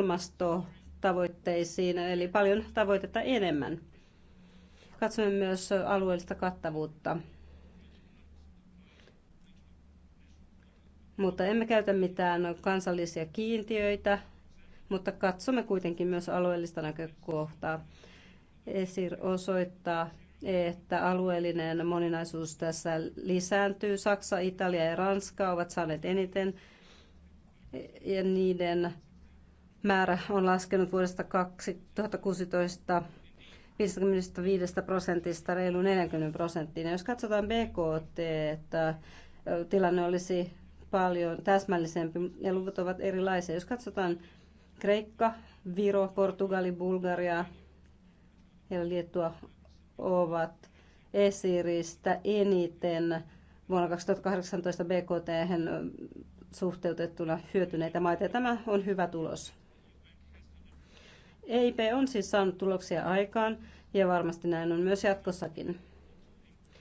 ilmastotavoitteisiin, eli paljon tavoitetta enemmän. Katsomme myös alueellista kattavuutta. Mutta emme käytä mitään kansallisia kiintiöitä, mutta katsomme kuitenkin myös alueellista näkökohtaa. Esir osoittaa, että alueellinen moninaisuus tässä lisääntyy. Saksa, Italia ja Ranska ovat saaneet eniten ja niiden määrä on laskenut vuodesta 2016 55 prosentista reilu 40 prosenttiin. Ja jos katsotaan BKT, että tilanne olisi paljon täsmällisempi ja luvut ovat erilaisia. Jos katsotaan Kreikka, Viro, Portugali, Bulgaria ja Liettua ovat esiristä eniten vuonna 2018 BKT suhteutettuna hyötyneitä maita. Ja tämä on hyvä tulos. EIP on siis saanut tuloksia aikaan ja varmasti näin on myös jatkossakin.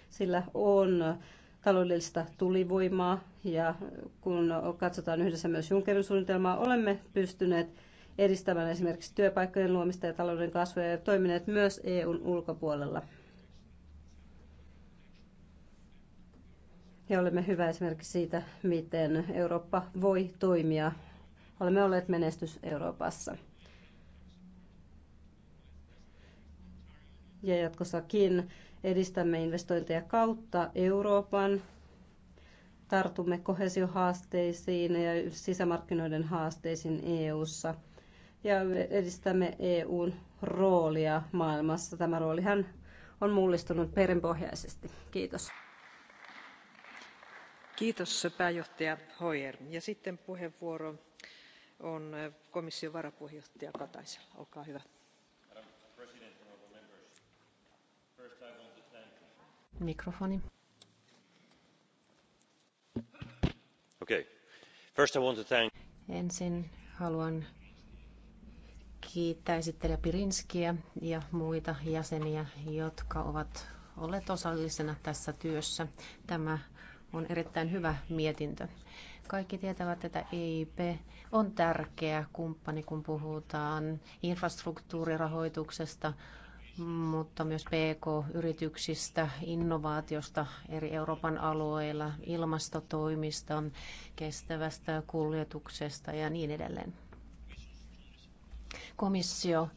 Sillä on taloudellista tulivoimaa ja kun katsotaan yhdessä myös Junckerin suunnitelmaa, olemme pystyneet edistämään esimerkiksi työpaikkojen luomista ja talouden kasvua ja toimineet myös EUn ulkopuolella. Ja olemme hyvä esimerkki siitä, miten Eurooppa voi toimia. Olemme olleet menestys Euroopassa. ja jatkossakin edistämme investointeja kautta Euroopan, tartumme kohesiohaasteisiin ja sisämarkkinoiden haasteisiin EU:ssa ja edistämme EUn roolia maailmassa. Tämä roolihan on mullistunut perinpohjaisesti. Kiitos. Kiitos pääjohtaja Hoyer. Ja sitten puheenvuoro on komission varapuheenjohtaja Kataisella. Olkaa hyvä. Mikrofoni. Okay. First I want to thank... Ensin haluan kiittää esittelijä Pirinskiä ja muita jäseniä, jotka ovat olleet osallisena tässä työssä. Tämä on erittäin hyvä mietintö. Kaikki tietävät, että EIP on tärkeä kumppani, kun puhutaan infrastruktuurirahoituksesta, mutta myös PK-yrityksistä, innovaatiosta eri Euroopan alueilla, ilmastotoimista, kestävästä kuljetuksesta ja niin edelleen. Komissio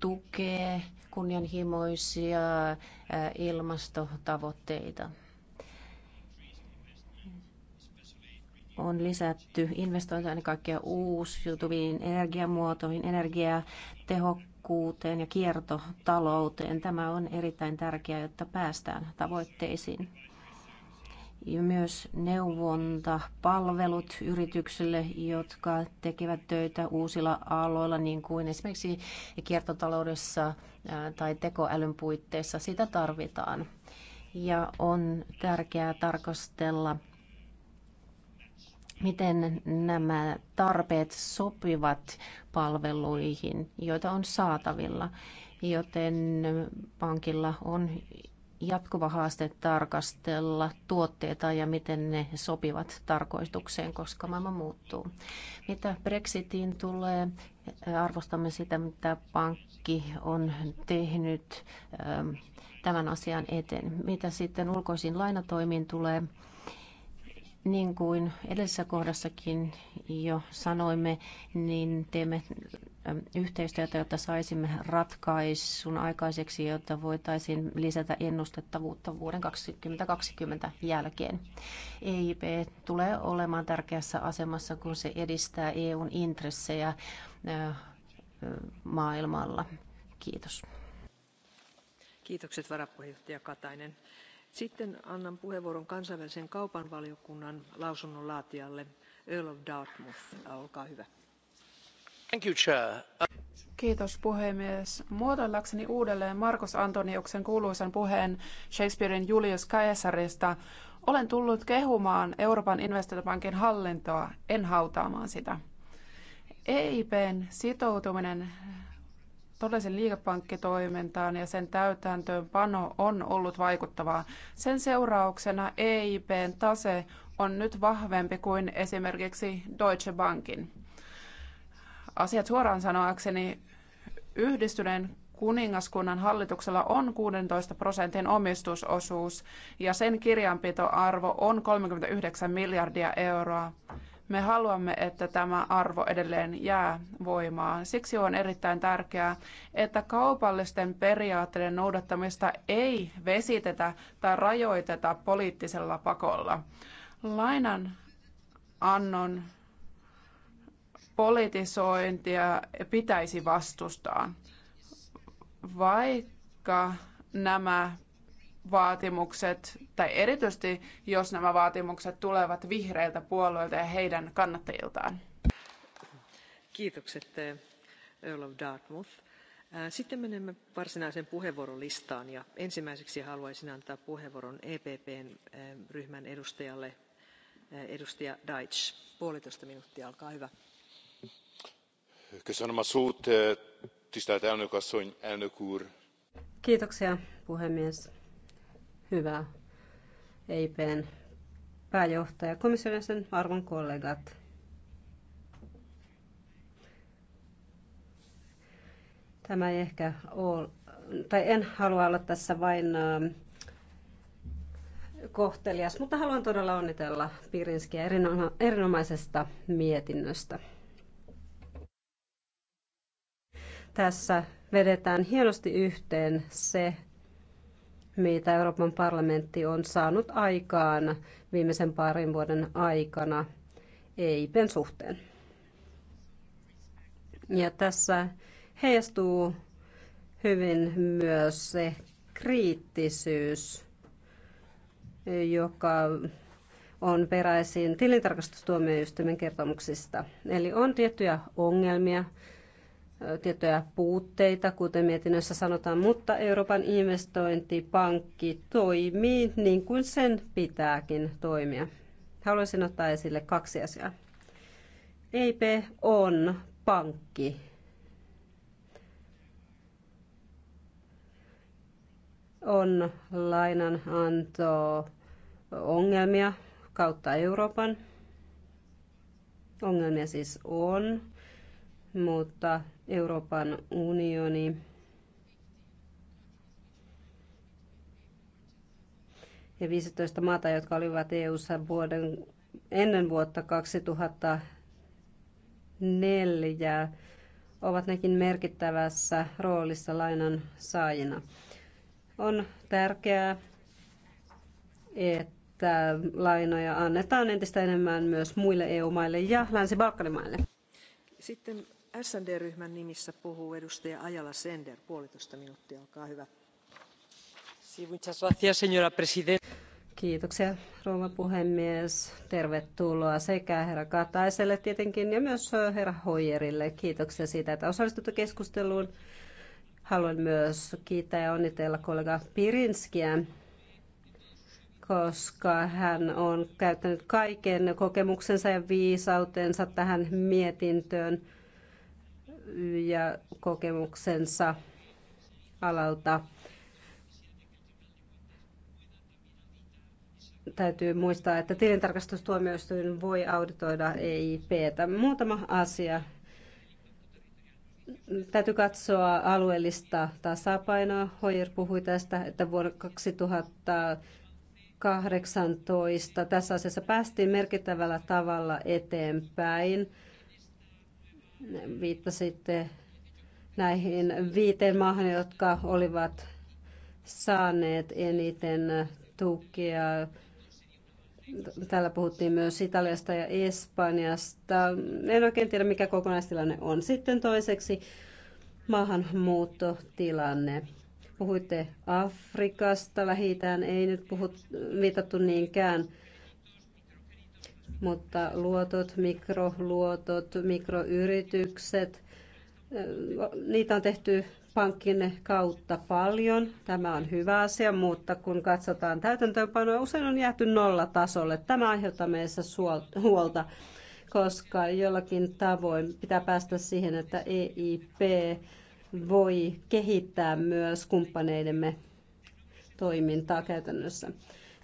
tukee kunnianhimoisia ilmastotavoitteita. on lisätty investointeja ennen kaikkea uusiutuviin energiamuotoihin, energiatehokkuuteen tehokkuuteen ja kiertotalouteen. Tämä on erittäin tärkeää, jotta päästään tavoitteisiin. Ja myös neuvontapalvelut yrityksille, jotka tekevät töitä uusilla aloilla, niin kuin esimerkiksi kiertotaloudessa tai tekoälyn puitteissa, sitä tarvitaan. Ja on tärkeää tarkastella miten nämä tarpeet sopivat palveluihin, joita on saatavilla. Joten pankilla on jatkuva haaste tarkastella tuotteita ja miten ne sopivat tarkoitukseen, koska maailma muuttuu. Mitä Brexitiin tulee, arvostamme sitä, mitä pankki on tehnyt ähm, tämän asian eteen. Mitä sitten ulkoisiin lainatoimiin tulee, niin kuin edellisessä kohdassakin jo sanoimme, niin teemme yhteistyötä, jotta saisimme ratkaisun aikaiseksi, jotta voitaisiin lisätä ennustettavuutta vuoden 2020 jälkeen. EIP tulee olemaan tärkeässä asemassa, kun se edistää EUn intressejä maailmalla. Kiitos. Kiitokset varapuheenjohtaja Katainen. Sitten annan puheenvuoron kansainvälisen kaupan valiokunnan lausunnon laatijalle Earl of Dartmouth. Olkaa hyvä. Thank you, Chair. Kiitos puhemies. Muotoillakseni uudelleen Markus Antoniuksen kuuluisan puheen Shakespearein Julius Caesarista olen tullut kehumaan Euroopan investointipankin hallintoa, en hautaamaan sitä. EIPn sitoutuminen todellisen liikepankkitoimintaan ja sen täytäntöönpano on ollut vaikuttavaa. Sen seurauksena EIPn tase on nyt vahvempi kuin esimerkiksi Deutsche Bankin. Asiat suoraan sanoakseni yhdistyneen kuningaskunnan hallituksella on 16 prosentin omistusosuus ja sen kirjanpitoarvo on 39 miljardia euroa. Me haluamme, että tämä arvo edelleen jää voimaan. Siksi on erittäin tärkeää, että kaupallisten periaatteiden noudattamista ei vesitetä tai rajoiteta poliittisella pakolla. Lainan annon politisointia pitäisi vastustaa, vaikka nämä vaatimukset, tai erityisesti jos nämä vaatimukset tulevat vihreiltä puolueilta ja heidän kannattajiltaan. Kiitokset eh, Earl of Dartmouth. Eh, sitten menemme varsinaiseen puheenvuorolistaan ja ensimmäiseksi haluaisin antaa puheenvuoron EPPn eh, ryhmän edustajalle edustaja Deitsch. Puolitoista minuuttia, olkaa hyvä. Kiitoksia puhemies hyvä EIPn pääjohtaja, komission sen arvon kollegat. Tämä ei ehkä ole, tai en halua olla tässä vain kohtelias, mutta haluan todella onnitella Pirinskiä erinomaisesta mietinnöstä. Tässä vedetään hienosti yhteen se, mitä Euroopan parlamentti on saanut aikaan viimeisen parin vuoden aikana EIPen suhteen. Ja tässä heijastuu hyvin myös se kriittisyys, joka on peräisin tilintarkastustuomioistuimen kertomuksista. Eli on tiettyjä ongelmia, tiettyjä puutteita, kuten mietinnössä sanotaan, mutta Euroopan investointipankki toimii niin kuin sen pitääkin toimia. Haluaisin ottaa esille kaksi asiaa. EIP on pankki. On lainananto ongelmia kautta Euroopan. Ongelmia siis on mutta Euroopan unioni ja 15 maata, jotka olivat EU-ssa vuoden, ennen vuotta 2004, ovat nekin merkittävässä roolissa lainan saajina. On tärkeää, että lainoja annetaan entistä enemmän myös muille EU-maille ja Länsi-Balkanimaille. Sitten sd ryhmän nimissä puhuu edustaja ayala sender puolitoista minuuttia olkaa hyvä. Kiitoksia rouva puhemies. Tervetuloa sekä herra Kataiselle tietenkin ja myös herra Hoyerille. Kiitoksia siitä, että osallistutte keskusteluun. Haluan myös kiittää ja onnitella kollega Pirinskiä, koska hän on käyttänyt kaiken kokemuksensa ja viisautensa tähän mietintöön ja kokemuksensa alalta. Täytyy muistaa, että tilintarkastustuomioistuin voi auditoida EIPtä. Muutama asia. Täytyy katsoa alueellista tasapainoa. Hoyer puhui tästä, että vuonna 2018 tässä asiassa päästiin merkittävällä tavalla eteenpäin. Viittasitte näihin viiteen maahan, jotka olivat saaneet eniten tukea. Täällä puhuttiin myös Italiasta ja Espanjasta. En oikein tiedä, mikä kokonaistilanne on. Sitten toiseksi maahanmuuttotilanne. Puhuitte Afrikasta, lähitään ei nyt puhut, viitattu niinkään mutta luotot, mikroluotot, mikroyritykset, eh, niitä on tehty pankkinne kautta paljon. Tämä on hyvä asia, mutta kun katsotaan täytäntöönpanoa, usein on jääty nollatasolle. Tämä aiheuttaa meissä huolta, koska jollakin tavoin pitää päästä siihen, että EIP voi kehittää myös kumppaneidemme toimintaa käytännössä.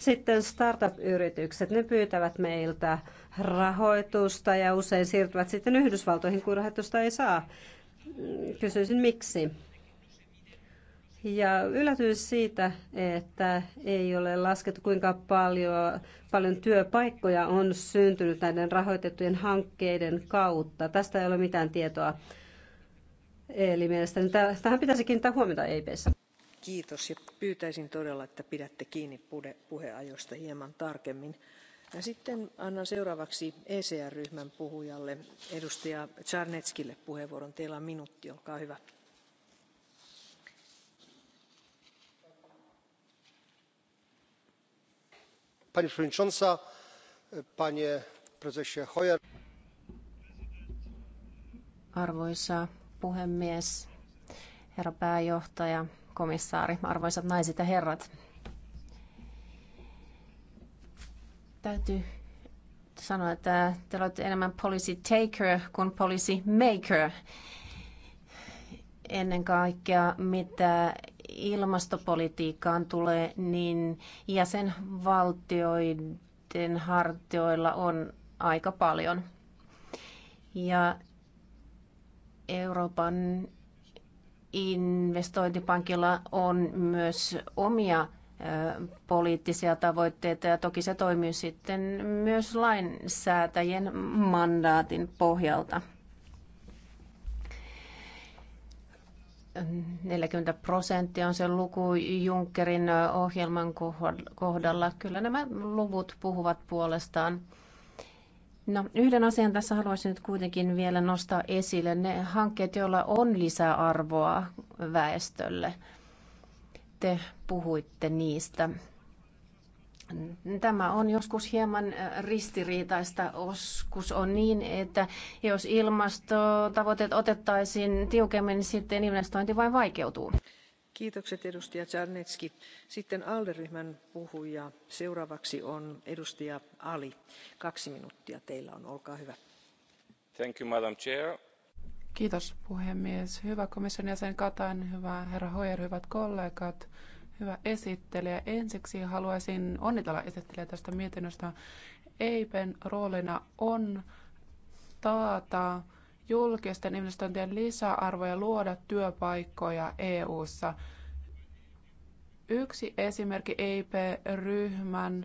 Sitten startup-yritykset, ne pyytävät meiltä rahoitusta ja usein siirtyvät sitten Yhdysvaltoihin, kun rahoitusta ei saa. Kysyisin miksi. Ja yllätyin siitä, että ei ole laskettu kuinka paljon, paljon työpaikkoja on syntynyt näiden rahoitettujen hankkeiden kautta. Tästä ei ole mitään tietoa. Eli mielestäni tähän pitäisi kiinnittää huomiota EIPissä kiitos ja pyytäisin todella että pidätte kiinni puheajoista hieman tarkemmin. Ja sitten annan seuraavaksi ecr ryhmän puhujalle edustaja czarneckille puheenvuoron. teillä on minuutti olkaa hyvä. pani panie prezesie hoyer! arvoisa puhemies herra pääjohtaja komissaari, arvoisat naiset ja herrat. Täytyy sanoa, että te olette enemmän policy taker kuin policy maker. Ennen kaikkea, mitä ilmastopolitiikkaan tulee, niin jäsenvaltioiden hartioilla on aika paljon. Ja Euroopan investointipankilla on myös omia poliittisia tavoitteita ja toki se toimii sitten myös lainsäätäjien mandaatin pohjalta. 40 prosenttia on se luku Junckerin ohjelman kohdalla. Kyllä nämä luvut puhuvat puolestaan. No, yhden asian tässä haluaisin nyt kuitenkin vielä nostaa esille. Ne hankkeet, joilla on lisäarvoa väestölle. Te puhuitte niistä. Tämä on joskus hieman ristiriitaista. Oskus on niin, että jos ilmastotavoitteet otettaisiin tiukemmin, niin sitten investointi vain vaikeutuu arvoisa edustaja Sitten alde puhuja seuraavaksi on edustaja Ali. Kaksi minuuttia teillä on, Thank you, Madam Chair. Kiitos puhemies. Hyvä komission jäsen Katainen, hyvä herra Hoyer, hyvät kollegat, hyvä esittelijä. Ensiksi haluaisin onnitella esittelijää tästä mietinnöstä. eipn roolina on taata julkisten investointien lisäarvo ja luoda työpaikkoja EU:ssa. Yksi esimerkki EIP-ryhmän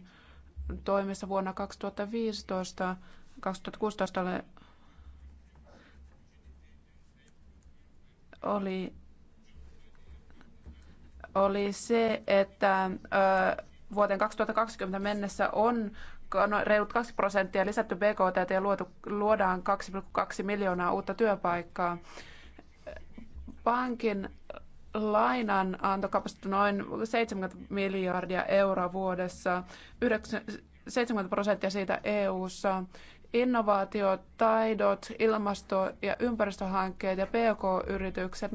toimessa vuonna 2015 2016 oli, oli se, että vuoteen 2020 mennessä on no, reilut 2 prosenttia lisätty BKT ja luotu, luodaan 2,2 miljoonaa uutta työpaikkaa. Pankin lainan antokapasiteetti noin 70 miljardia euroa vuodessa, 70 prosenttia siitä EU-ssa. Innovaatiot, taidot, ilmasto- ja ympäristöhankkeet ja PK-yritykset,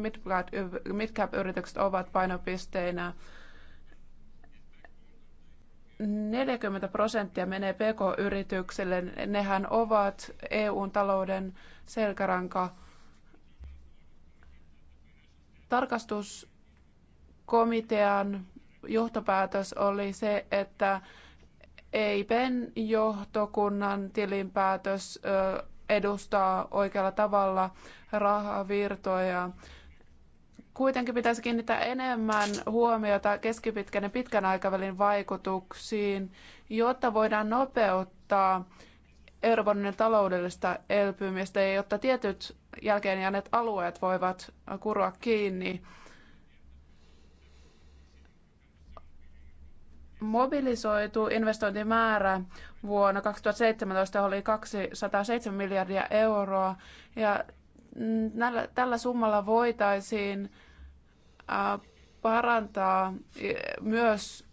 Mitkä yritykset ovat painopisteinä 40 prosenttia menee PK-yrityksille. Nehän ovat EUn talouden selkäranka. Tarkastuskomitean johtopäätös oli se, että e pen johtokunnan tilinpäätös edustaa oikealla tavalla rahavirtoja. Kuitenkin pitäisi kiinnittää enemmän huomiota keskipitkän ja pitkän aikavälin vaikutuksiin, jotta voidaan nopeuttaa Euroopan unionin taloudellista elpymistä ja jotta tietyt jälkeen jääneet alueet voivat kurua kiinni. Mobilisoitu investointimäärä vuonna 2017 oli 207 miljardia euroa ja tällä summalla voitaisiin parantaa myös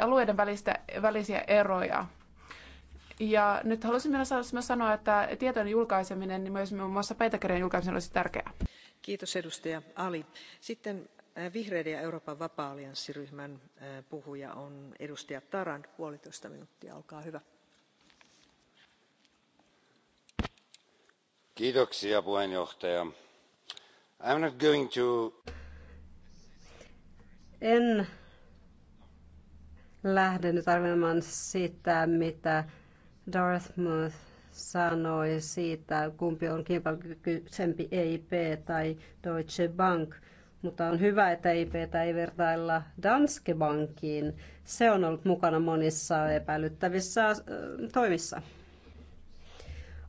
alueiden välistä, välisiä eroja. Ja nyt haluaisin myös sanoa, että tietojen julkaiseminen, niin myös muun muassa pöytäkirjan julkaiseminen olisi tärkeää. Kiitos edustaja Ali. Sitten vihreiden ja Euroopan vapaa puhuja on edustaja Taran puolitoista minuuttia, olkaa hyvä. Kiitoksia puheenjohtaja I'm not going to... En lähde nyt arvioimaan sitä, mitä Darth Muth sanoi siitä, kumpi on kilpailukykyisempi EIP tai Deutsche Bank. Mutta on hyvä, että EIPtä ei vertailla Danske Bankiin. Se on ollut mukana monissa epäilyttävissä äh, toimissa.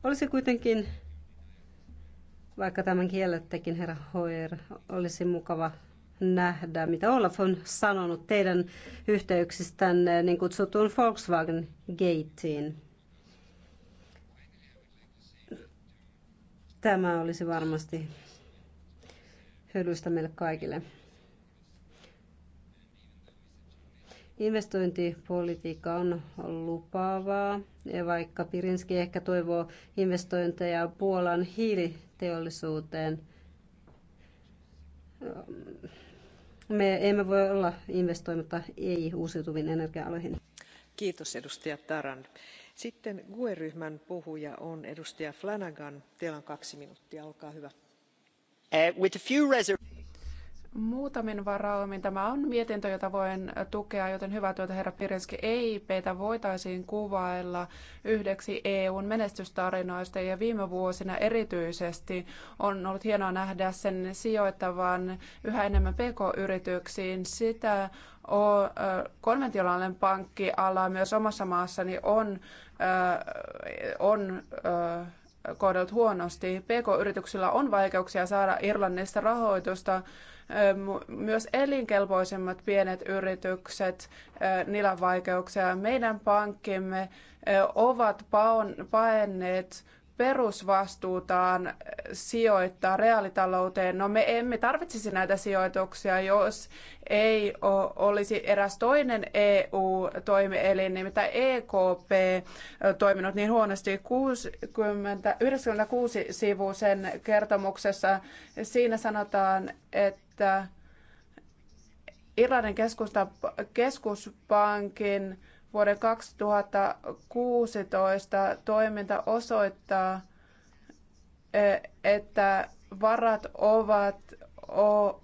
Olisi kuitenkin vaikka tämän kiellettekin, herra Hoer, olisi mukava nähdä, mitä Olaf on sanonut teidän yhteyksistänne niin kutsutun Volkswagen Gateen. Tämä olisi varmasti hyödyllistä meille kaikille. Investointipolitiikka on lupaavaa, ja vaikka Pirinski ehkä toivoo investointeja Puolan hiili teollisuuteen. Me emme voi olla investoimatta ei-uusiutuviin energia-aloihin. Kiitos edustaja Taran. Sitten GUE-ryhmän puhuja on edustaja Flanagan. Teillä on kaksi minuuttia, olkaa hyvä. Uh, with a few Muutamin varaumin tämä on mietintö, jota voin tukea, joten hyvä työtä herra Pirinski. EIPtä voitaisiin kuvailla yhdeksi EUn menestystarinoista ja viime vuosina erityisesti on ollut hienoa nähdä sen sijoittavan yhä enemmän pk-yrityksiin. Sitä konventionaalinen pankkiala myös omassa maassani on, on kohdellut huonosti. PK-yrityksillä on vaikeuksia saada Irlannista rahoitusta myös elinkelpoisemmat pienet yritykset, niillä vaikeuksia. Meidän pankkimme ovat paenneet perusvastuutaan sijoittaa reaalitalouteen. No me emme tarvitsisi näitä sijoituksia, jos ei olisi eräs toinen EU-toimielin, nimittäin EKP, toiminut niin huonosti. 60, 96 sivuisen kertomuksessa. Siinä sanotaan, että Irlannin keskusta, keskuspankin Vuoden 2016 toiminta osoittaa, e, että varat ovat,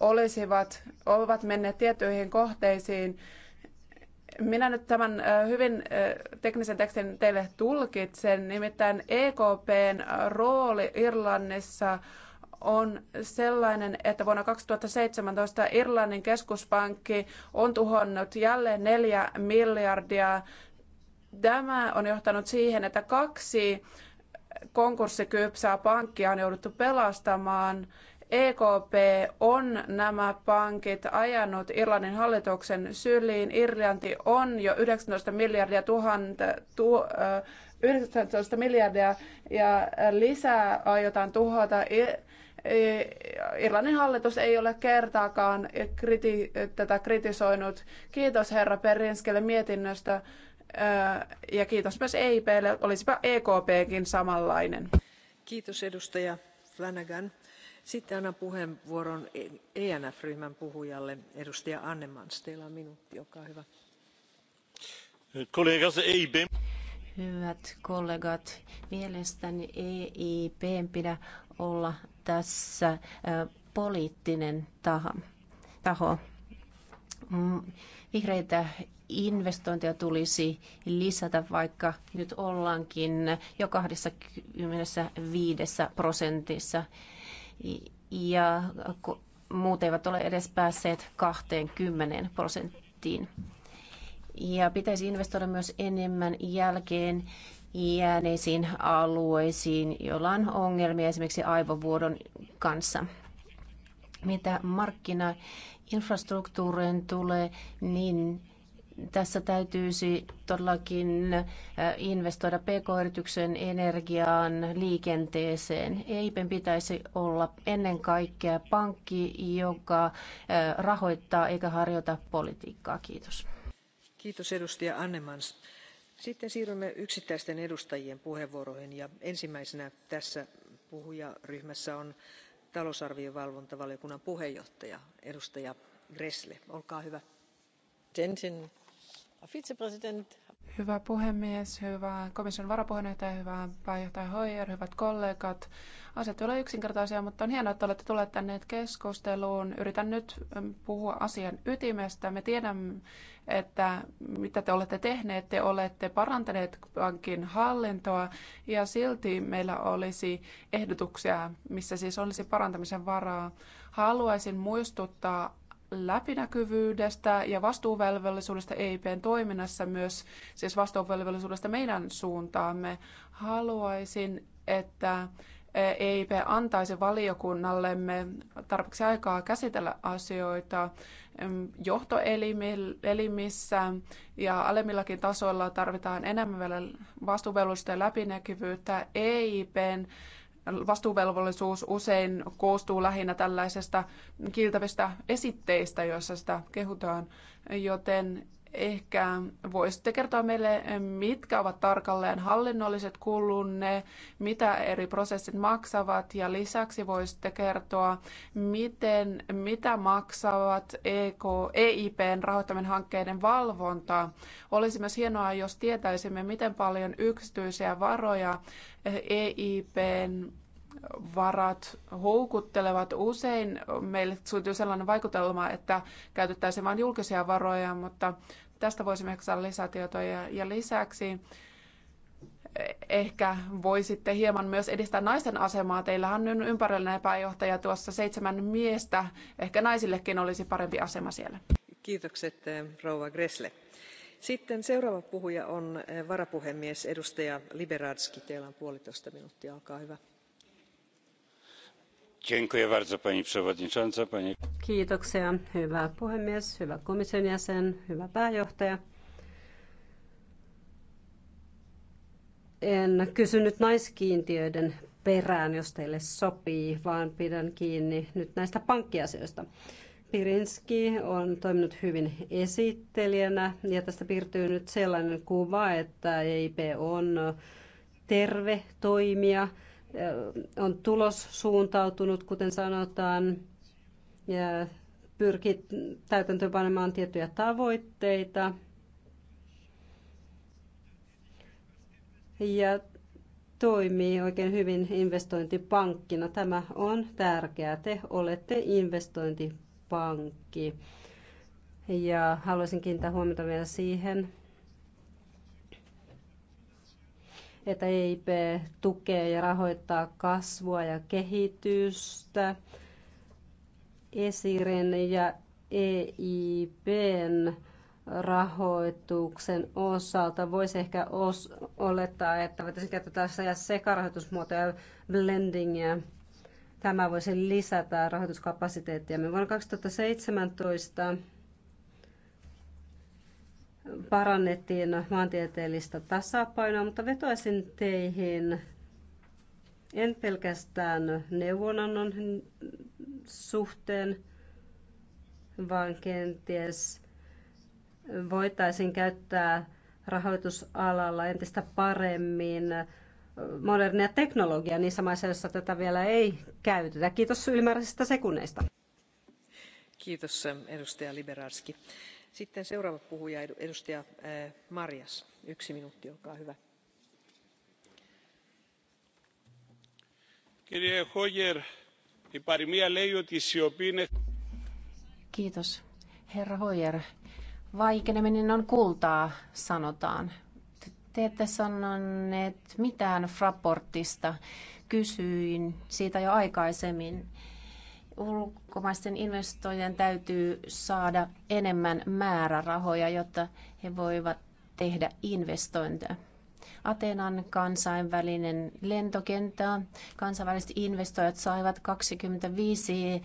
olisivat, ovat menneet tiettyihin kohteisiin. Minä nyt tämän e, hyvin e, teknisen tekstin teille tulkitsen, nimittäin EKPn rooli Irlannissa on sellainen, että vuonna 2017 Irlannin keskuspankki on tuhonnut jälleen neljä miljardia. Tämä on johtanut siihen, että kaksi konkurssikypsää pankkia on jouduttu pelastamaan. EKP on nämä pankit ajanut Irlannin hallituksen syliin. Irlanti on jo 19 miljardia tuhanta, tu, 19 miljardia ja lisää aiotaan tuhota. Irlannin hallitus ei ole kertaakaan kriti- tätä kritisoinut. Kiitos herra Perinskelle mietinnöstä ja kiitos myös EIPlle. Olisipa EKPkin samanlainen. Kiitos edustaja Flanagan. Sitten annan puheenvuoron ENF-ryhmän e puhujalle, edustaja Annemans. Teillä on minuutti, olkaa hyvä. Kollegas EIB. Hyvät kollegat, mielestäni EIP pidä olla tässä poliittinen taho. Mm, vihreitä investointeja tulisi lisätä, vaikka nyt ollaankin jo 25 prosentissa. Ja muut eivät ole edes päässeet 20 prosenttiin. Ja pitäisi investoida myös enemmän jälkeen jääneisiin alueisiin, joilla on ongelmia esimerkiksi aivovuodon kanssa. Mitä markkinainfrastruktuuriin tulee, niin tässä täytyisi todellakin äh, investoida pk-yrityksen energiaan, liikenteeseen. EIPen pitäisi olla ennen kaikkea pankki, joka äh, rahoittaa eikä harjoita politiikkaa. Kiitos. Kiitos edustaja Annemans sitten siirrymme yksittäisten edustajien puheenvuoroihin ja ensimmäisenä tässä puhujaryhmässä on talousarvion valvontavaliokunnan puheenjohtaja edustaja Gressle. Olkaa hyvä. Tentin, Hyvä puhemies, hyvä komission varapuheenjohtaja, hyvä pääjohtaja Hoyer, hyvät kollegat. Asiat ei ole yksinkertaisia, mutta on hienoa, että olette tulleet tänne keskusteluun. Yritän nyt ähm, puhua asian ytimestä. Me tiedämme, että mitä te olette tehneet. Te olette parantaneet pankin hallintoa ja silti meillä olisi ehdotuksia, missä siis olisi parantamisen varaa. Haluaisin muistuttaa läpinäkyvyydestä ja vastuuvelvollisuudesta EIPn toiminnassa myös, siis vastuuvelvollisuudesta meidän suuntaamme. Haluaisin, että EIP e antaisi valiokunnallemme tarpeeksi aikaa käsitellä asioita mm, johtoelimissä ja alemmillakin tasoilla tarvitaan enemmän vielä vastuuvelvollisuutta ja läpinäkyvyyttä EIPn vastuuvelvollisuus usein koostuu lähinnä tällaisesta kiiltävistä esitteistä, joissa sitä kehutaan, joten Ehkä voisitte kertoa meille, mitkä ovat tarkalleen hallinnolliset kulunne, mitä eri prosessit maksavat ja lisäksi voisitte kertoa, miten, mitä maksavat EK, EIPn rahoittamien hankkeiden valvonta. Olisi myös hienoa, jos tietäisimme, miten paljon yksityisiä varoja EIPn varat houkuttelevat. Usein meille syntyy sellainen vaikutelma, että käytettäisiin vain julkisia varoja, mutta tästä voisimme saada lisätietoja. Ja lisäksi ehkä voisitte hieman myös edistää naisten asemaa. Teillähän on ympärillinen pääjohtaja tuossa seitsemän miestä. Ehkä naisillekin olisi parempi asema siellä. Kiitokset eh, rouva Gressle. Sitten seuraava puhuja on eh, varapuhemies edustaja Liberadski. Teillä on puolitoista minuuttia. Olkaa hyvä pani przewodnicząca! kiitoksia hyvä puhemies hyvä komission jäsen hyvä pääjohtaja. en kysynyt naiskiintiöiden perään jos teille sopii vaan pidän kiinni nyt näistä pankkiasioista. Pirinski on toiminut hyvin esittelijänä ja tästä piirtyy nyt sellainen kuva, että EIP on terve toimija on tulos suuntautunut, kuten sanotaan, ja pyrkii täytäntöönpanemaan tiettyjä tavoitteita. Ja toimii oikein hyvin investointipankkina. Tämä on tärkeää. Te olette investointipankki. Ja haluaisin kiinnittää huomiota vielä siihen, että EIP tukee ja rahoittaa kasvua ja kehitystä. Esiren ja EIPn rahoituksen osalta voisi ehkä os- olettaa, että voitaisiin käyttää tässä sekarahoitusmuotoja, ja Tämä voisi lisätä rahoituskapasiteettia. Me vuonna 2017 parannettiin maantieteellistä tasapainoa, mutta vetoisin teihin en pelkästään neuvonannon suhteen, vaan kenties voitaisiin käyttää rahoitusalalla entistä paremmin modernia teknologiaa niissä maissa, joissa tätä vielä ei käytetä. Kiitos ylimääräisistä sekunneista. Kiitos edustaja Liberarski sitten seuraava puhuja edustaja äh, marias yksi minuutti olkaa hyvä. Niin Kiitos. Herra Hoyer, vaikeneminen on kultaa, sanotaan. Te ette sanoneet mitään Fraportista. Kysyin siitä jo aikaisemmin ulkomaisten investoijien täytyy saada enemmän määrärahoja, jotta he voivat tehdä investointeja. Atenan kansainvälinen lentokenttä. Kansainväliset investoijat saivat 25 eh,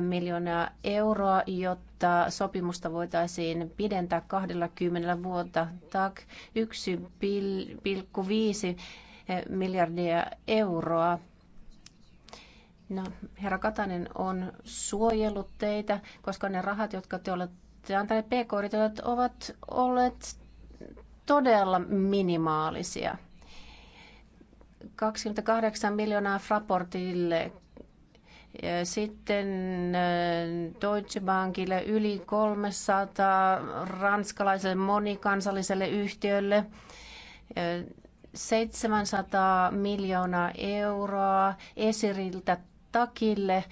miljoonaa euroa, jotta sopimusta voitaisiin pidentää 20 vuotta. TAK 1,5 eh, miljardia euroa No, herra Katainen on suojellut teitä, koska ne rahat, jotka te olette antaneet pk ovat olleet todella minimaalisia. 28 miljoonaa Fraportille, sitten äh, Deutsche Bankille yli 300 ranskalaiselle monikansalliselle yhtiölle. 700 miljoonaa euroa Esiriltä takille.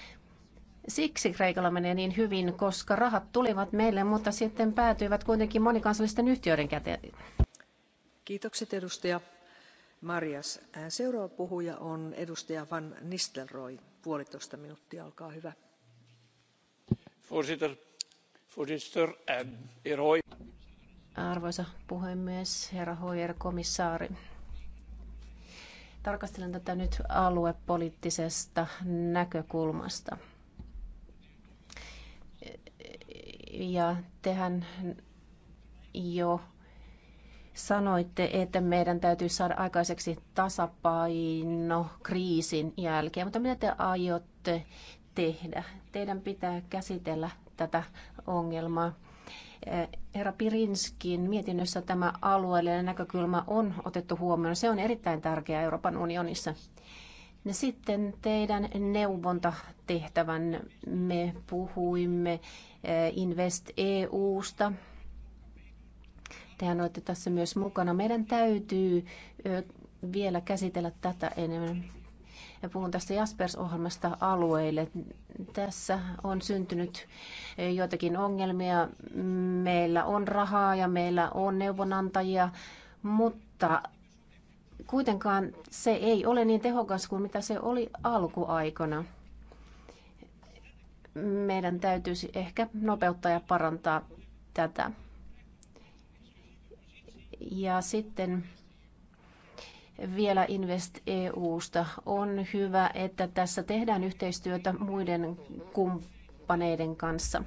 Siksi Kreikalla menee niin hyvin, koska rahat tulivat meille, mutta sitten päätyivät kuitenkin monikansallisten yhtiöiden käteen. Kiitokset edustaja Marias. Seuraava puhuja on edustaja Van Nistelrooy. Puolitoista minuuttia, olkaa hyvä. Voorzitter, voorzitter, Arvoisa puhemies, herra Hoyer, komissaari. Tarkastelen tätä nyt aluepoliittisesta näkökulmasta. Ja tehän jo sanoitte, että meidän täytyy saada aikaiseksi tasapaino kriisin jälkeen. Mutta mitä te aiotte tehdä? Teidän pitää käsitellä tätä ongelmaa. Eh, herra Pirinskin mietinnössä tämä alueellinen näkökulma on otettu huomioon. Se on erittäin tärkeää Euroopan unionissa. Ja sitten teidän neuvontatehtävän. Me puhuimme eh, Invest EUsta. Tehän olette tässä myös mukana. Meidän täytyy eh, vielä käsitellä tätä enemmän ja puhun tästä Jaspers-ohjelmasta alueille. Tässä on syntynyt joitakin ongelmia. Meillä on rahaa ja meillä on neuvonantajia, mutta kuitenkaan se ei ole niin tehokas kuin mitä se oli alkuaikana. Meidän täytyisi ehkä nopeuttaa ja parantaa tätä. Ja sitten vielä Invest EUsta. On hyvä, että tässä tehdään yhteistyötä muiden kumppaneiden kanssa.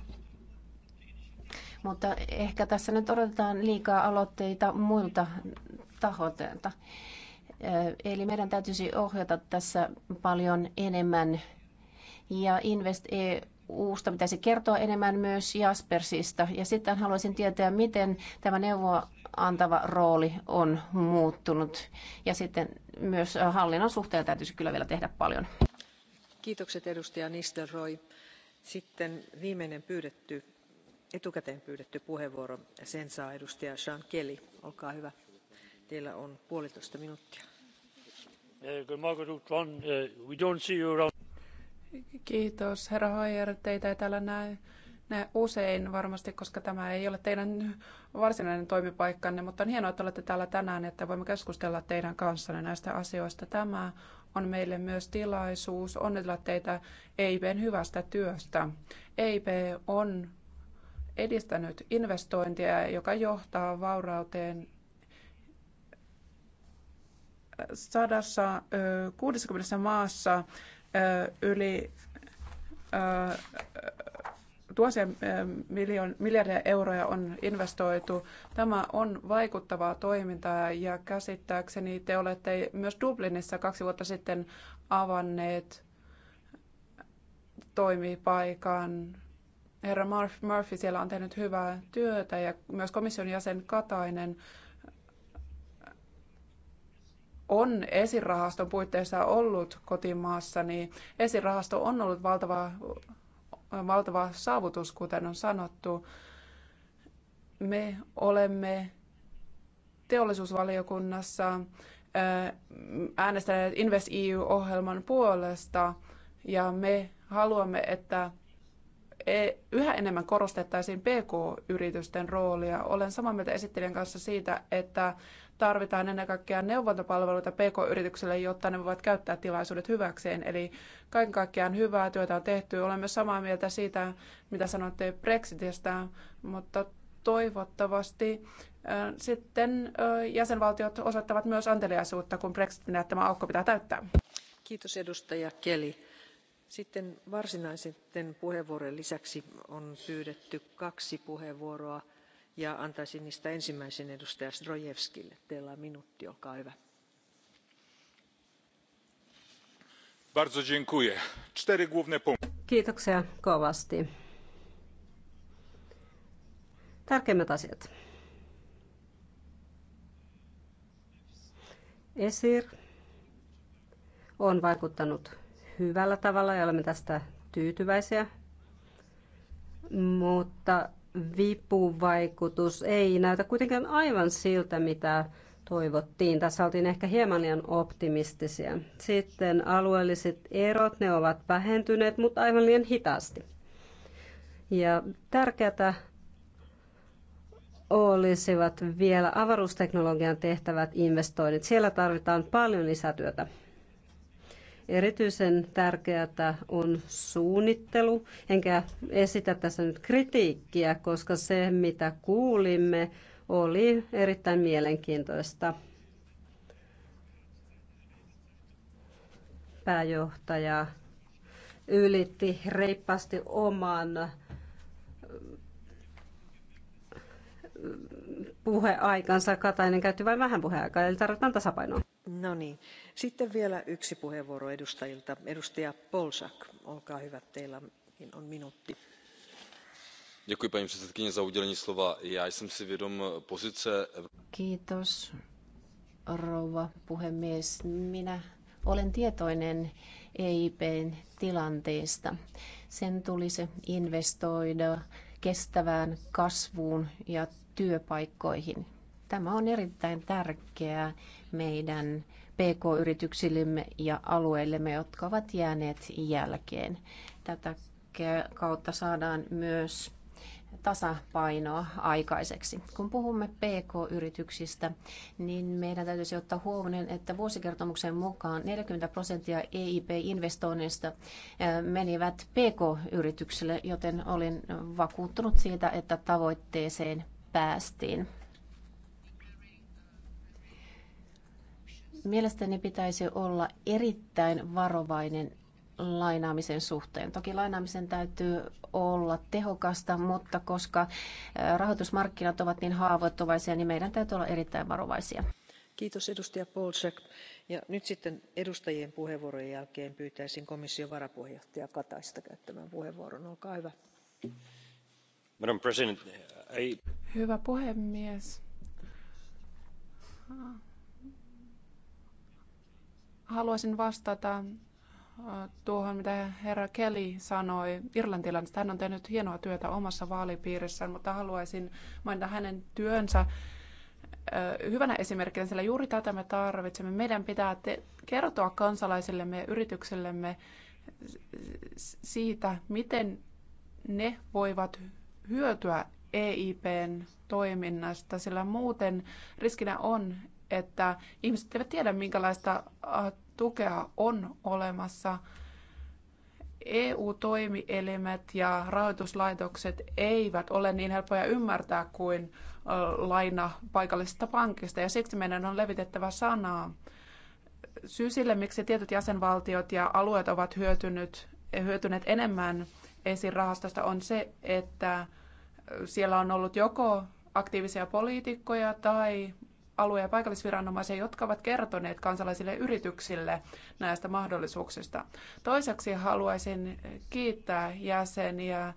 Mutta ehkä tässä nyt odotetaan liikaa aloitteita muilta tahoilta. Eli meidän täytyisi ohjata tässä paljon enemmän. Ja Invest EU uusta mitä se kertoa enemmän myös Jaspersista. Ja sitten haluaisin tietää, miten tämä neuvoa antava rooli on muuttunut. Ja sitten myös hallinnon suhteen täytyisi kyllä vielä tehdä paljon. Kiitokset edustaja Nistelrooy. Sitten viimeinen pyydetty, etukäteen pyydetty puheenvuoro. Sen saa edustaja Sean Kelly. Olkaa hyvä. Teillä on puolitoista minuuttia. Kiitos, herra Hoijer. Teitä ei täällä näe, näe usein varmasti, koska tämä ei ole teidän varsinainen toimipaikkanne, mutta on hienoa, että olette täällä tänään, että voimme keskustella teidän kanssanne näistä asioista. Tämä on meille myös tilaisuus onnitella teitä EIPn hyvästä työstä. EIP on edistänyt investointia, joka johtaa vaurauteen 160 maassa yli tuhansia miljardia euroja on investoitu. Tämä on vaikuttavaa toimintaa ja käsittääkseni te olette myös Dublinissa kaksi vuotta sitten avanneet toimipaikan. Herra Murphy siellä on tehnyt hyvää työtä ja myös komission jäsen Katainen on esirahaston puitteissa ollut kotimaassa, niin esirahasto on ollut valtava, valtava saavutus, kuten on sanottu. Me olemme teollisuusvaliokunnassa äänestäneet InvestEU ohjelman puolesta ja me haluamme, että E, yhä enemmän korostettaisiin PK-yritysten roolia. Olen samaa mieltä esittelijän kanssa siitä, että tarvitaan ennen kaikkea neuvontapalveluita PK-yrityksille, jotta ne voivat käyttää tilaisuudet hyväkseen. Eli kaiken kaikkiaan hyvää työtä on tehty. Olen myös samaa mieltä siitä, mitä sanoitte Brexitistä, mutta toivottavasti sitten jäsenvaltiot osoittavat myös anteliaisuutta, kun Brexitin tämä aukko pitää täyttää. Kiitos edustaja Keli sitten varsinaisten puheenvuorojen lisäksi on pyydetty kaksi puheenvuoroa ja antaisin niistä ensimmäisen edustaja zdrojewskille. Teillä on minuutti, olkaa hyvä. dziękuję. Cztery główne punkty. Kiitoksia kovasti. Tärkeimmät asiat. Esir on vaikuttanut hyvällä tavalla ja olemme tästä tyytyväisiä. Mutta vipuvaikutus ei näytä kuitenkaan aivan siltä, mitä toivottiin. Tässä oltiin ehkä hieman liian optimistisia. Sitten alueelliset erot, ne ovat vähentyneet, mutta aivan liian hitaasti. Ja tärkeätä olisivat vielä avaruusteknologian tehtävät investoinnit. Siellä tarvitaan paljon lisätyötä. Erityisen tärkeää on suunnittelu, enkä esitä tässä nyt kritiikkiä, koska se, mitä kuulimme, oli erittäin mielenkiintoista. Pääjohtaja ylitti reippaasti oman äh, puheaikansa. Katainen käytti vain vähän puheaikaa, eli tarvitaan tasapainoa. No niin. Sitten vielä yksi puheenvuoro edustajilta. Edustaja Polsak, olkaa hyvä, teillä on minuutti. Děkuji paní předsedkyně za udělení slova. Já jsem si vědom pozice... Kiitos, rouva puhemies. Minä olen tietoinen EIPn tilanteesta. Sen tulisi investoida kestävään kasvuun ja työpaikkoihin. Tämä on erittäin tärkeää meidän PK-yrityksillemme ja alueillemme, jotka ovat jääneet jälkeen. Tätä kautta saadaan myös tasapainoa aikaiseksi. Kun puhumme PK-yrityksistä, niin meidän täytyisi ottaa huomioon, että vuosikertomuksen mukaan 40 prosenttia EIP-investoinnista menivät PK-yrityksille, joten olin vakuuttunut siitä, että tavoitteeseen päästiin. Mielestäni pitäisi olla erittäin varovainen lainaamisen suhteen. Toki lainaamisen täytyy olla tehokasta, mutta koska äh, rahoitusmarkkinat ovat niin haavoittuvaisia, niin meidän täytyy olla erittäin varovaisia. Kiitos edustaja Polsek. Ja nyt sitten edustajien puheenvuorojen jälkeen pyytäisin komission varapuheenjohtaja Kataista käyttämään puheenvuoron. Olkaa hyvä. Madam President, I... Hyvä puhemies. Haluaisin vastata äh, tuohon, mitä herra Kelly sanoi Irlantilaisesta. Hän on tehnyt hienoa työtä omassa vaalipiirissään, mutta haluaisin mainita hänen työnsä äh, hyvänä esimerkkinä, sillä juuri tätä me tarvitsemme. Meidän pitää te- kertoa kansalaisillemme ja yrityksillemme siitä, miten ne voivat hyötyä EIPn toiminnasta, sillä muuten riskinä on, että ihmiset eivät tiedä, minkälaista äh, tukea on olemassa. EU-toimielimet ja rahoituslaitokset eivät ole niin helppoja ymmärtää kuin äh, laina paikallisesta pankista, ja siksi meidän on levitettävä sanaa. Syy sille, miksi tietyt jäsenvaltiot ja alueet ovat hyötynyt, hyötyneet enemmän esirahastosta, on se, että äh, siellä on ollut joko aktiivisia poliitikkoja tai alue- ja paikallisviranomaisia, jotka ovat kertoneet kansalaisille yrityksille näistä mahdollisuuksista. Toiseksi haluaisin kiittää jäseniä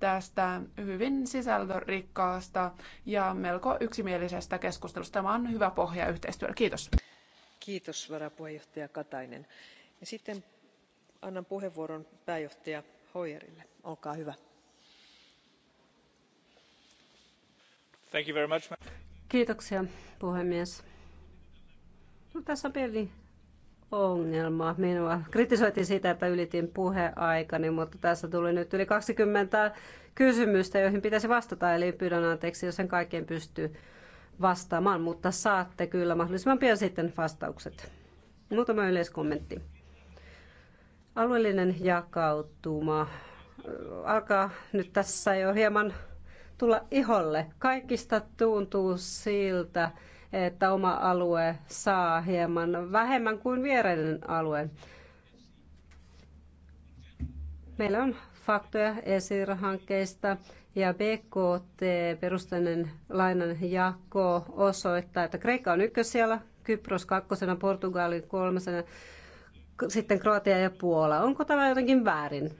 tästä hyvin sisältörikkaasta ja melko yksimielisestä keskustelusta. Tämä on hyvä pohja yhteistyölle. Kiitos. Kiitos varapuheenjohtaja Katainen. Ja sitten annan puheenvuoron pääjohtaja Hoyerille. Olkaa hyvä. Thank you very much. Kiitoksia, puhemies. No, tässä on pieni ongelma minua. Kritisoitiin sitä, että ylitin puheaikani, mutta tässä tuli nyt yli 20 kysymystä, joihin pitäisi vastata, eli pyydän anteeksi, jos en kaikkeen pysty vastaamaan, mutta saatte kyllä mahdollisimman pian sitten vastaukset. Muutama yleiskommentti. Alueellinen jakautuma alkaa nyt tässä jo hieman tulla iholle. Kaikista tuntuu siltä, että oma alue saa hieman vähemmän kuin viereinen alue. Meillä on faktoja esirahankkeista ja BKT, perusteinen lainan jako, osoittaa, että Kreikka on ykkössiellä, Kypros kakkosena, Portugali kolmasena, sitten Kroatia ja Puola. Onko tämä jotenkin väärin?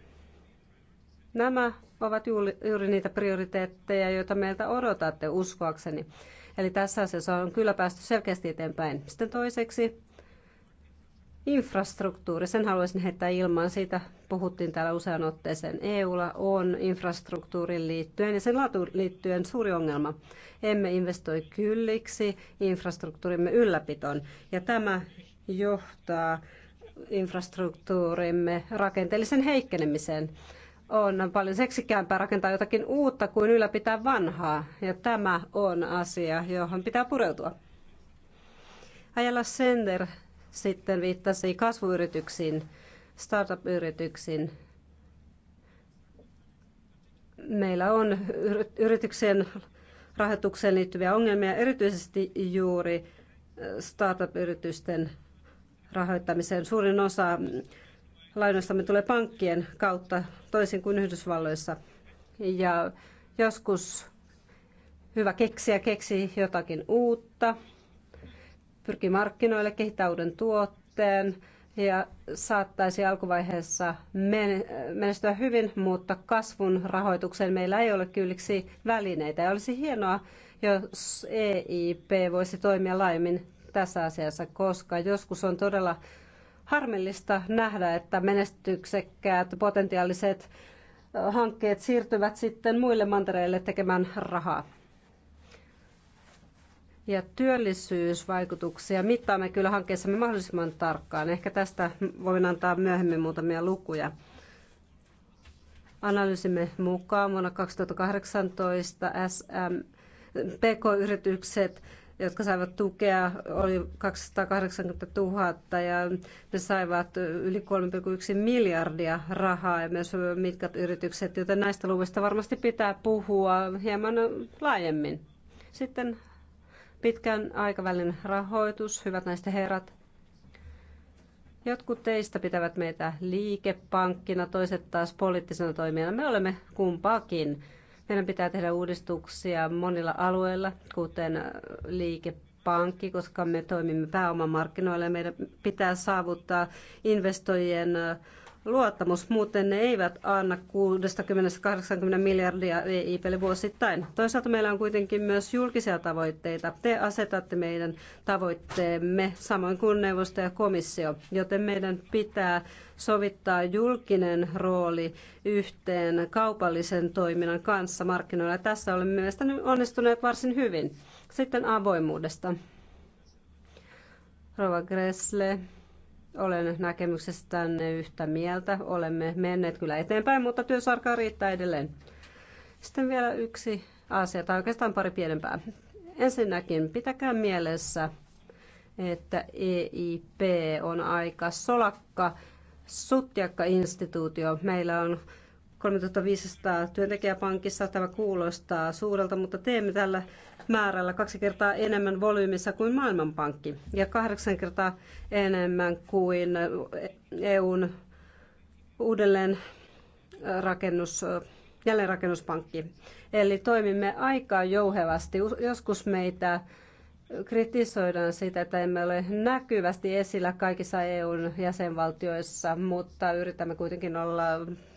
Nämä ovat juuri niitä prioriteetteja, joita meiltä odotatte uskoakseni. Eli tässä asiassa on kyllä päästy selkeästi eteenpäin. Sitten toiseksi infrastruktuuri. Sen haluaisin heittää ilmaan. Siitä puhuttiin täällä usean otteeseen. EUlla on infrastruktuuriin liittyen ja sen laatuun liittyen suuri ongelma. Emme investoi kylliksi infrastruktuurimme ylläpitoon. Ja tämä johtaa infrastruktuurimme rakenteellisen heikkenemiseen on paljon seksikäämpää rakentaa jotakin uutta kuin ylläpitää vanhaa. Ja tämä on asia, johon pitää pureutua. Ajalla Sender sitten viittasi kasvuyrityksiin, startup-yrityksiin. Meillä on yrityksen rahoitukseen liittyviä ongelmia, erityisesti juuri äh, startup-yritysten rahoittamiseen. Suurin osa lainoistamme tulee pankkien kautta, toisin kuin Yhdysvalloissa. Ja joskus hyvä keksiä keksi jotakin uutta, pyrkii markkinoille, kehittää uuden tuotteen ja saattaisi alkuvaiheessa menestyä hyvin, mutta kasvun rahoitukseen meillä ei ole kylliksi välineitä. Ja olisi hienoa, jos EIP voisi toimia laajemmin tässä asiassa, koska joskus on todella harmillista nähdä, että menestyksekkäät potentiaaliset hankkeet siirtyvät sitten muille mantereille tekemään rahaa. Ja työllisyysvaikutuksia mittaamme kyllä hankkeessamme mahdollisimman tarkkaan. Ehkä tästä voin antaa myöhemmin muutamia lukuja. Analyysimme mukaan vuonna 2018 SM, PK-yritykset jotka saivat tukea, oli 280 000 ja ne saivat yli 3,1 miljardia rahaa ja myös mitkä yritykset, joten näistä luvista varmasti pitää puhua hieman laajemmin. Sitten pitkän aikavälin rahoitus, hyvät näistä herrat. Jotkut teistä pitävät meitä liikepankkina, toiset taas poliittisena toimijana. Me olemme kumpaakin. Meidän pitää tehdä uudistuksia monilla alueilla, kuten äh, liikepankki, koska me toimimme pääomamarkkinoilla ja meidän pitää saavuttaa investoijien äh, luottamus, muuten ne eivät anna 60-80 miljardia EIPlle vuosittain. Toisaalta meillä on kuitenkin myös julkisia tavoitteita. Te asetatte meidän tavoitteemme, samoin kuin neuvosto ja komissio, joten meidän pitää sovittaa julkinen rooli yhteen kaupallisen toiminnan kanssa markkinoilla. Tässä olemme mielestäni onnistuneet varsin hyvin. Sitten avoimuudesta. Rova Gressle olen näkemyksestänne yhtä mieltä. Olemme menneet kyllä eteenpäin, mutta työsarkaa riittää edelleen. Sitten vielä yksi asia, tai oikeastaan pari pienempää. Ensinnäkin pitäkää mielessä, että EIP on aika solakka, sutjakka instituutio. Meillä on 3500 työntekijäpankissa. Tämä kuulostaa suurelta, mutta teemme tällä määrällä kaksi kertaa enemmän volyymissa kuin Maailmanpankki ja kahdeksan kertaa enemmän kuin EUn uudelleen rakennus, jälleenrakennuspankki. Eli toimimme aika jouhevasti. Joskus meitä kritisoidaan sitä, että emme ole näkyvästi esillä kaikissa EUn jäsenvaltioissa, mutta yritämme kuitenkin olla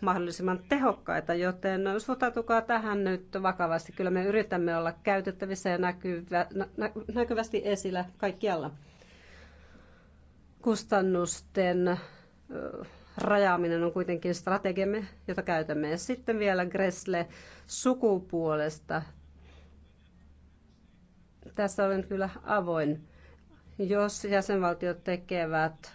mahdollisimman tehokkaita, joten suhtautukaa tähän nyt vakavasti. Kyllä me yritämme olla käytettävissä ja näkyvä, nä, näkyvästi esillä kaikkialla. Kustannusten rajaaminen on kuitenkin strategiamme, jota käytämme. Ja sitten vielä Gressle sukupuolesta tässä olen kyllä avoin. Jos jäsenvaltiot tekevät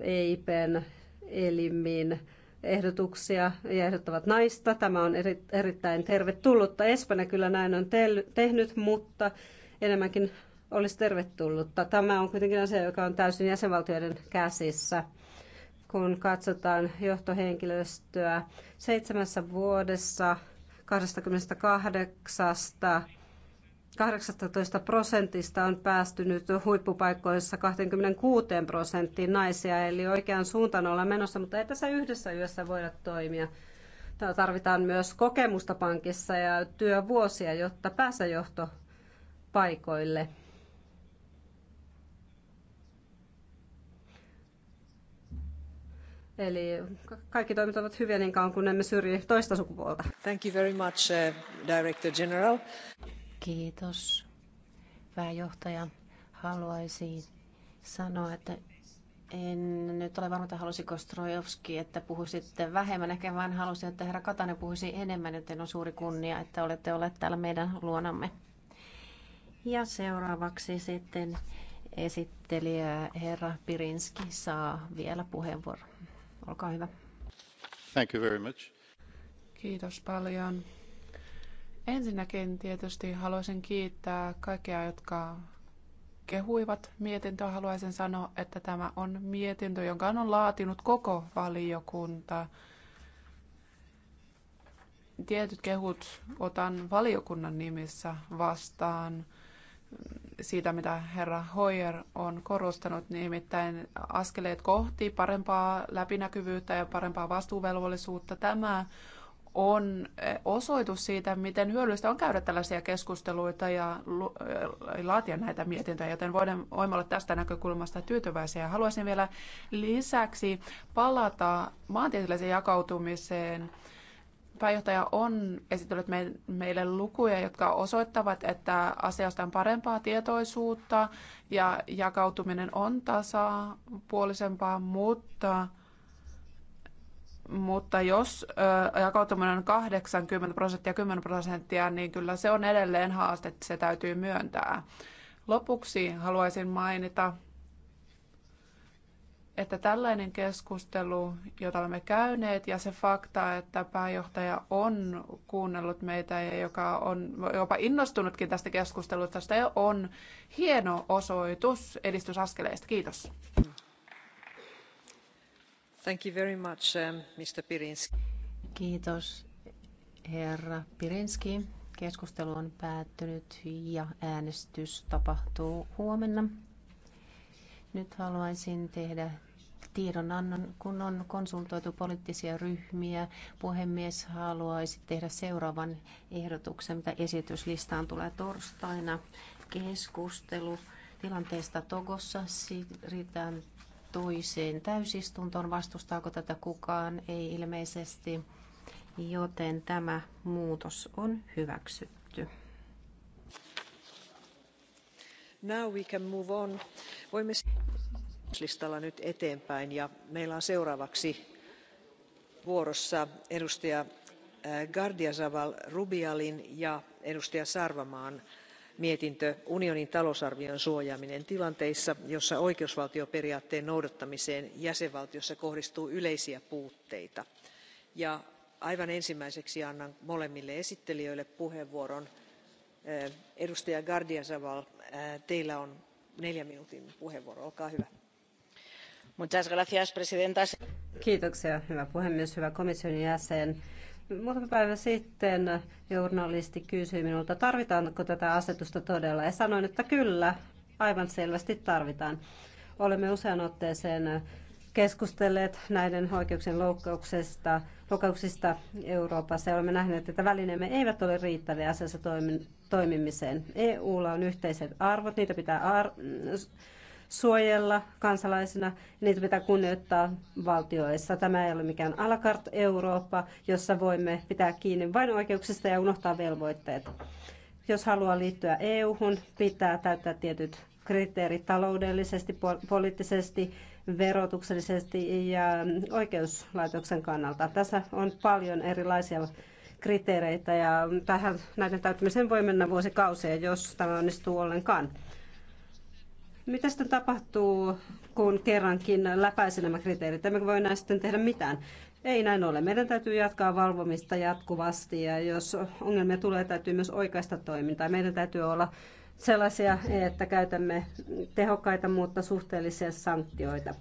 EIPn elimiin ehdotuksia ja ehdottavat naista. Tämä on eri, erittäin tervetullutta. Espanja kyllä näin on te- tehnyt, mutta enemmänkin olisi tervetullutta. Tämä on kuitenkin asia, joka on täysin jäsenvaltioiden käsissä. Kun katsotaan johtohenkilöstöä seitsemässä vuodessa 28 18 prosentista on päästynyt huippupaikoissa 26 prosenttiin naisia, eli oikeaan suuntaan ollaan menossa, mutta ei tässä yhdessä yössä voida toimia. Tarvitaan myös kokemusta pankissa ja työvuosia, jotta pääsee johtopaikoille. Eli kaikki toimet ovat hyviä niin kauan, kun emme syrji toista sukupuolta. Thank you very much, uh, Director General. Kiitos. Pääjohtaja, haluaisin sanoa, että en nyt ole varma, että halusiko Strojovski, että puhuisitte vähemmän. Ehkä vain halusin, että herra Katainen puhuisi enemmän, joten on suuri kunnia, että olette olleet täällä meidän luonamme. Ja seuraavaksi sitten esittelijä herra Pirinski saa vielä puheenvuoron. Olkaa hyvä. Thank you very much. Kiitos paljon. Ensinnäkin tietysti haluaisin kiittää kaikkia, jotka kehuivat mietintöä. Haluaisin sanoa, että tämä on mietintö, jonka on laatinut koko valiokunta. Tietyt kehut otan valiokunnan nimissä vastaan siitä, mitä herra Hoyer on korostanut, nimittäin askeleet kohti parempaa läpinäkyvyyttä ja parempaa vastuuvelvollisuutta. Tämä on eh, osoitus siitä, miten hyödyllistä on käydä tällaisia keskusteluita ja eh, laatia näitä mietintöjä, joten voidaan olla tästä näkökulmasta tyytyväisiä. Haluaisin vielä lisäksi palata maantieteelliseen jakautumiseen. Pääjohtaja on esitellyt meille lukuja, jotka osoittavat, että asiasta on parempaa tietoisuutta ja jakautuminen on tasapuolisempaa, mutta mutta jos jakautuminen on 80 prosenttia 10 prosenttia, niin kyllä se on edelleen haaste, se täytyy myöntää. Lopuksi haluaisin mainita, että tällainen keskustelu, jota olemme käyneet, ja se fakta, että pääjohtaja on kuunnellut meitä ja joka on jopa innostunutkin tästä keskustelusta, on hieno osoitus edistysaskeleista. Kiitos arvoisa um, puhemies Kiitos, herra Pirinski. Keskustelu on päättynyt ja äänestys tapahtuu huomenna. Nyt haluaisin tehdä tiedonannon, kun on konsultoitu poliittisia ryhmiä. Puhemies haluaisi tehdä seuraavan ehdotuksen, mitä esityslistaan tulee torstaina. Keskustelu tilanteesta Togossa siirrytään toiseen täysistuntoon. Vastustaako tätä kukaan? Ei ilmeisesti, joten tämä muutos on hyväksytty. Now we can move on. Voimme listalla nyt eteenpäin ja meillä on seuraavaksi vuorossa edustaja Gardiazabal Rubialin ja edustaja Sarvamaan mietintö unionin talousarvion suojaaminen tilanteissa joissa oikeusvaltioperiaatteen noudattamiseen jäsenvaltioissa kohdistuu yleisiä puutteita. Ja aivan ensimmäiseksi annan molemmille esittelijöille puheenvuoron. Edustaja Gardia teillä on neljä minuutin puheenvuoro. Olkaa hyvä. arvoisa Kiitoksia, puhemies, hyvä komission jäsen. Muutama päivä sitten journalisti kysyi minulta, tarvitaanko tätä asetusta todella, ja sanoin, että kyllä, aivan selvästi tarvitaan. Olemme usean otteeseen keskustelleet näiden oikeuksien loukkauksesta, loukkauksista Euroopassa ja olemme nähneet, että välineemme eivät ole riittäviä asiassa toimimiseen. EUlla on yhteiset arvot, niitä pitää ar- suojella kansalaisina, niitä pitää kunnioittaa valtioissa. Tämä ei ole mikään alakart Eurooppa, jossa voimme pitää kiinni vain oikeuksista ja unohtaa velvoitteet. Jos haluaa liittyä EU-hun, pitää täyttää tietyt kriteerit taloudellisesti, poliittisesti, verotuksellisesti ja oikeuslaitoksen kannalta. Tässä on paljon erilaisia kriteereitä ja tähän näiden täyttämiseen voi mennä vuosikausia, jos tämä onnistuu ollenkaan. Mitä sitten tapahtuu, kun kerrankin läpäisi nämä kriteerit? Emme voi näistä sitten tehdä mitään. Ei näin ole. Meidän täytyy jatkaa valvomista jatkuvasti ja jos ongelmia tulee, täytyy myös oikaista toimintaa. Meidän täytyy olla sellaisia, että käytämme tehokkaita, mutta suhteellisia sanktioita.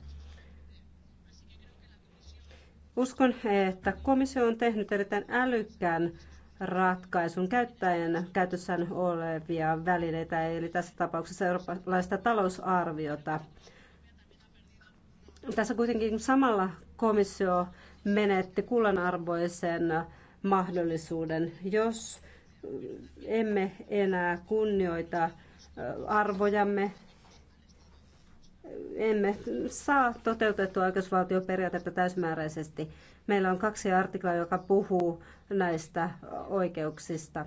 Uskon, että komissio on tehnyt erittäin älykkään ratkaisun käyttäjän käytössään olevia välineitä, eli tässä tapauksessa eurooppalaista talousarviota. Tässä kuitenkin samalla komissio menetti kullanarvoisen mahdollisuuden, jos emme enää kunnioita arvojamme, emme saa toteutettua oikeusvaltioperiaatetta täysimääräisesti. Meillä on kaksi artiklaa, joka puhuu näistä oikeuksista.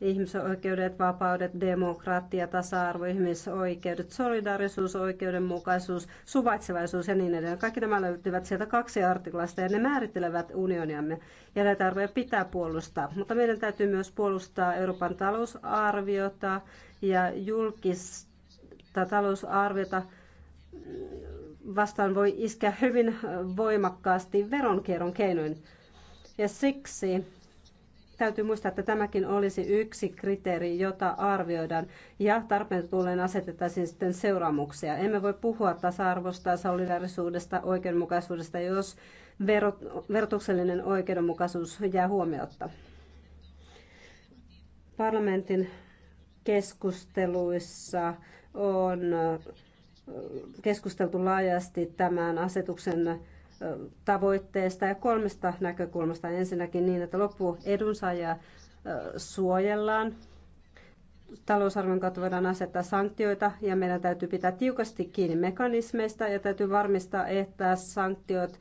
Ihmisoikeudet, vapaudet, demokratia, tasa-arvo, ihmisoikeudet, solidaarisuus, oikeudenmukaisuus, suvaitsevaisuus ja niin edelleen. Kaikki nämä löytyvät sieltä kaksi artiklasta ja ne määrittelevät unioniamme ja näitä arvoja pitää puolustaa. Mutta meidän täytyy myös puolustaa Euroopan talousarviota ja julkista talousarviota vastaan voi iskeä hyvin voimakkaasti veronkierron keinoin. Ja siksi täytyy muistaa, että tämäkin olisi yksi kriteeri, jota arvioidaan ja tarpeen tulleen asetettaisiin sitten seuraamuksia. Emme voi puhua tasa-arvosta, solidarisuudesta, oikeudenmukaisuudesta, jos verot, verotuksellinen oikeudenmukaisuus jää huomiotta. Parlamentin keskusteluissa on keskusteltu laajasti tämän asetuksen tavoitteesta ja kolmesta näkökulmasta. Ensinnäkin niin, että loppu edunsaajaa suojellaan. Talousarvon kautta voidaan asettaa sanktioita ja meidän täytyy pitää tiukasti kiinni mekanismeista ja täytyy varmistaa, että sanktiot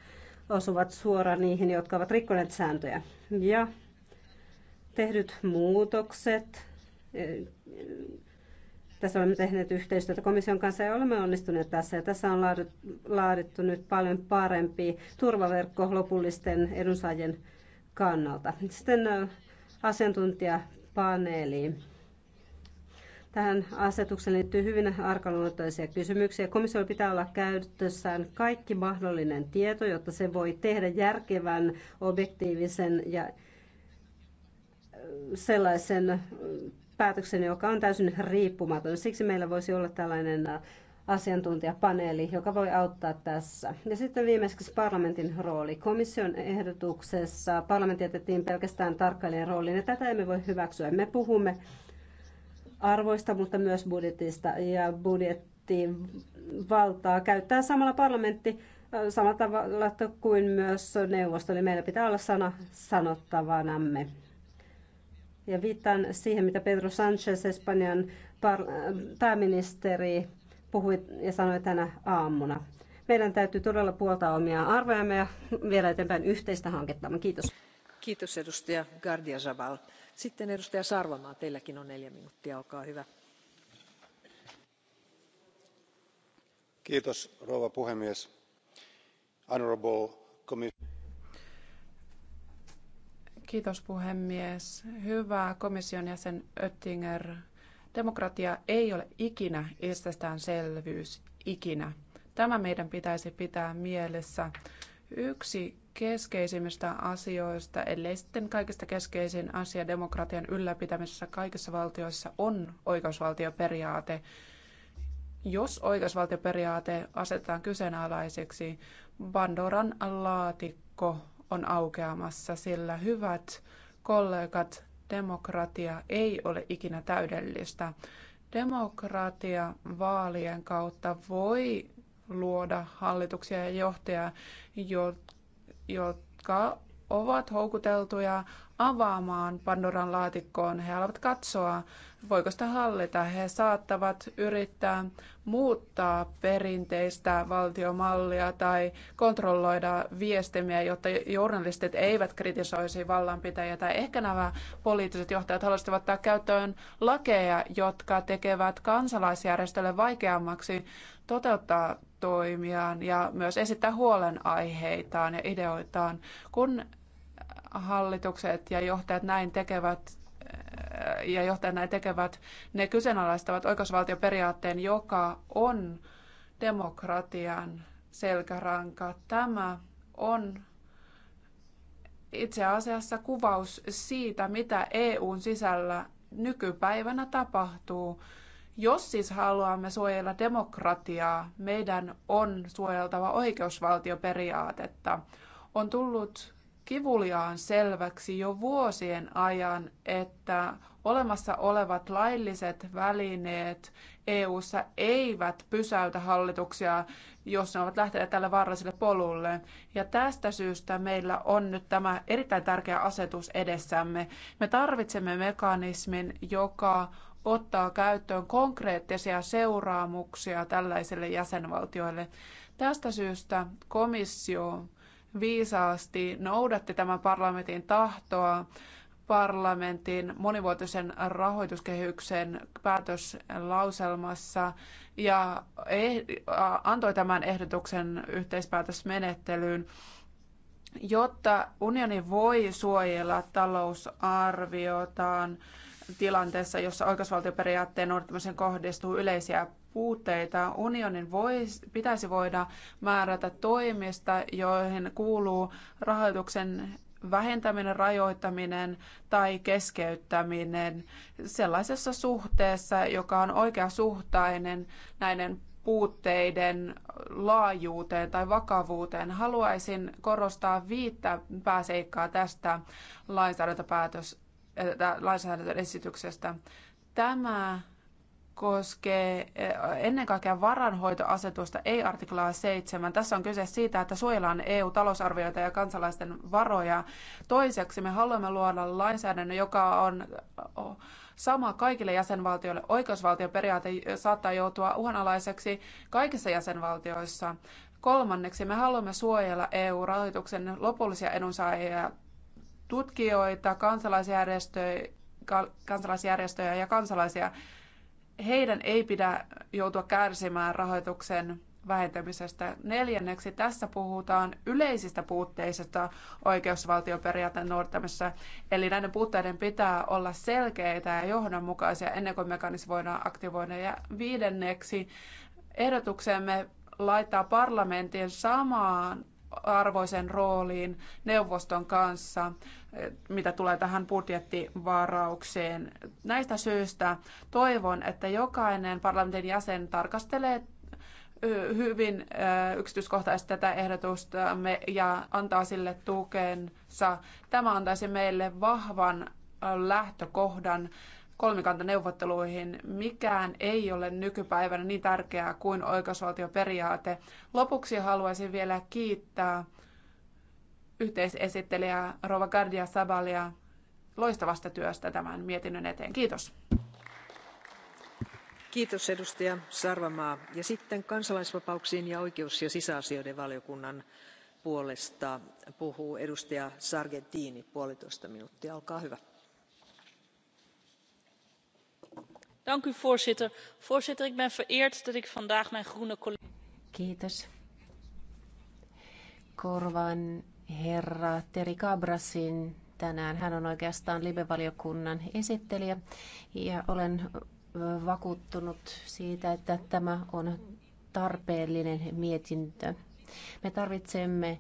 osuvat suoraan niihin, jotka ovat rikkoneet sääntöjä. Ja tehdyt muutokset tässä olemme tehneet yhteistyötä komission kanssa ja olemme onnistuneet tässä. Ja tässä on laadittu nyt paljon parempi turvaverkko lopullisten edunsaajien kannalta. Sitten asiantuntijapaneeliin. Tähän asetukseen liittyy hyvin arkaluontoisia kysymyksiä. Komissio pitää olla käytössään kaikki mahdollinen tieto, jotta se voi tehdä järkevän, objektiivisen ja sellaisen päätöksen, joka on täysin riippumaton. Siksi meillä voisi olla tällainen äh, asiantuntijapaneeli, joka voi auttaa tässä. Ja sitten viimeiseksi parlamentin rooli. Komission ehdotuksessa parlamentti jätettiin pelkästään tarkkailijan rooliin, ja tätä emme voi hyväksyä. Me puhumme arvoista, mutta myös budjetista, ja budjettiin valtaa käyttää samalla parlamentti äh, samalla tavalla kuin myös neuvosto, eli meillä pitää olla sana sanottavanamme. Ja viittaan siihen, mitä Pedro Sanchez, Espanjan pääministeri, puhui ja sanoi tänä aamuna. Meidän täytyy todella puoltaa omia arvojamme ja vielä eteenpäin yhteistä hanketta. Kiitos. Kiitos edustaja Gardia Zaval. Sitten edustaja Sarvamaa, teilläkin on neljä minuuttia, olkaa hyvä. Kiitos rouva puhemies. Honorable Kiitos puhemies. Hyvä komission jäsen Oettinger. Demokratia ei ole ikinä itsestäänselvyys, ikinä. Tämä meidän pitäisi pitää mielessä. Yksi keskeisimmistä asioista, ellei sitten kaikista keskeisin asia demokratian ylläpitämisessä kaikissa valtioissa on oikeusvaltioperiaate. Jos oikeusvaltioperiaate asetetaan kyseenalaiseksi, Pandoran laatikko on aukeamassa, sillä hyvät kollegat, demokratia ei ole ikinä täydellistä. Demokratia vaalien kautta voi luoda hallituksia ja johtajia, jotka ovat houkuteltuja avaamaan Pandoran laatikkoon. He haluavat katsoa, voiko sitä hallita. He saattavat yrittää muuttaa perinteistä valtiomallia tai kontrolloida viestimiä, jotta journalistit eivät kritisoisi vallanpitäjiä. Tai ehkä nämä poliittiset johtajat haluaisivat ottaa käyttöön lakeja, jotka tekevät kansalaisjärjestölle vaikeammaksi toteuttaa toimiaan ja myös esittää huolenaiheitaan ja ideoitaan. Kun hallitukset ja johtajat näin tekevät, ja johtajat näin tekevät, ne kyseenalaistavat oikeusvaltioperiaatteen, joka on demokratian selkäranka. Tämä on itse asiassa kuvaus siitä, mitä EUn sisällä nykypäivänä tapahtuu. Jos siis haluamme suojella demokratiaa, meidän on suojeltava oikeusvaltioperiaatetta. On tullut kivuliaan selväksi jo vuosien ajan, että olemassa olevat lailliset välineet EU:ssa eivät pysäytä hallituksia, jos ne ovat lähteneet tälle vaaralliselle polulle. Ja tästä syystä meillä on nyt tämä erittäin tärkeä asetus edessämme. Me tarvitsemme mekanismin, joka ottaa käyttöön konkreettisia seuraamuksia tällaisille jäsenvaltioille. Tästä syystä komissio viisaasti noudatti tämän parlamentin tahtoa parlamentin monivuotisen rahoituskehyksen päätöslauselmassa ja eh, antoi tämän ehdotuksen yhteispäätösmenettelyyn, jotta unioni voi suojella talousarviotaan tilanteessa, jossa oikeusvaltioperiaatteen noudattamiseen kohdistuu yleisiä puutteita. Unionin vois, pitäisi voida määrätä toimista, joihin kuuluu rahoituksen vähentäminen, rajoittaminen tai keskeyttäminen sellaisessa suhteessa, joka on oikeasuhtainen näiden puutteiden laajuuteen tai vakavuuteen. Haluaisin korostaa viittä pääseikkaa tästä lainsäädäntöpäätös Äh, lainsäädäntöesityksestä. Tämä koskee äh, ennen kaikkea varanhoitoasetusta, ei artiklaa 7. Tässä on kyse siitä, että suojellaan EU-talousarvioita ja kansalaisten varoja. Toiseksi me haluamme luoda lainsäädännön, joka on oh, sama kaikille jäsenvaltioille. Oikeusvaltioperiaate äh, saattaa joutua uhanalaiseksi kaikissa jäsenvaltioissa. Kolmanneksi me haluamme suojella EU-rahoituksen lopullisia edunsaajia tutkijoita, kansalaisjärjestöjä, kansalaisjärjestöjä ja kansalaisia. Heidän ei pidä joutua kärsimään rahoituksen vähentämisestä. Neljänneksi tässä puhutaan yleisistä puutteisista oikeusvaltioperiaatteen noudattamisessa, eli näiden puutteiden pitää olla selkeitä ja johdonmukaisia ennen kuin mekanismi voidaan aktivoida. Ja viidenneksi ehdotuksemme laittaa parlamentin samaan arvoisen rooliin neuvoston kanssa, mitä tulee tähän budjettivaraukseen. Näistä syistä toivon, että jokainen parlamentin jäsen tarkastelee hyvin yksityiskohtaisesti tätä ehdotusta ja antaa sille tukensa. Tämä antaisi meille vahvan lähtökohdan kolmikantaneuvotteluihin. Mikään ei ole nykypäivänä niin tärkeää kuin oikeusvaltioperiaate. Lopuksi haluaisin vielä kiittää yhteisesittelijä Rova Gardia Sabalia loistavasta työstä tämän mietinnön eteen. Kiitos. Kiitos edustaja Sarvamaa. Ja sitten kansalaisvapauksiin ja oikeus- ja sisäasioiden valiokunnan puolesta puhuu edustaja Sargentini puolitoista minuuttia. Olkaa hyvä. voorzitter voorzitter ik ben vereerd dat ik vandaag mijn groene collega. Korvan herra Teri tänään. Hän on esittelijä olen siitä, että tämä on tarpeellinen mietintö. Me tarvitsemme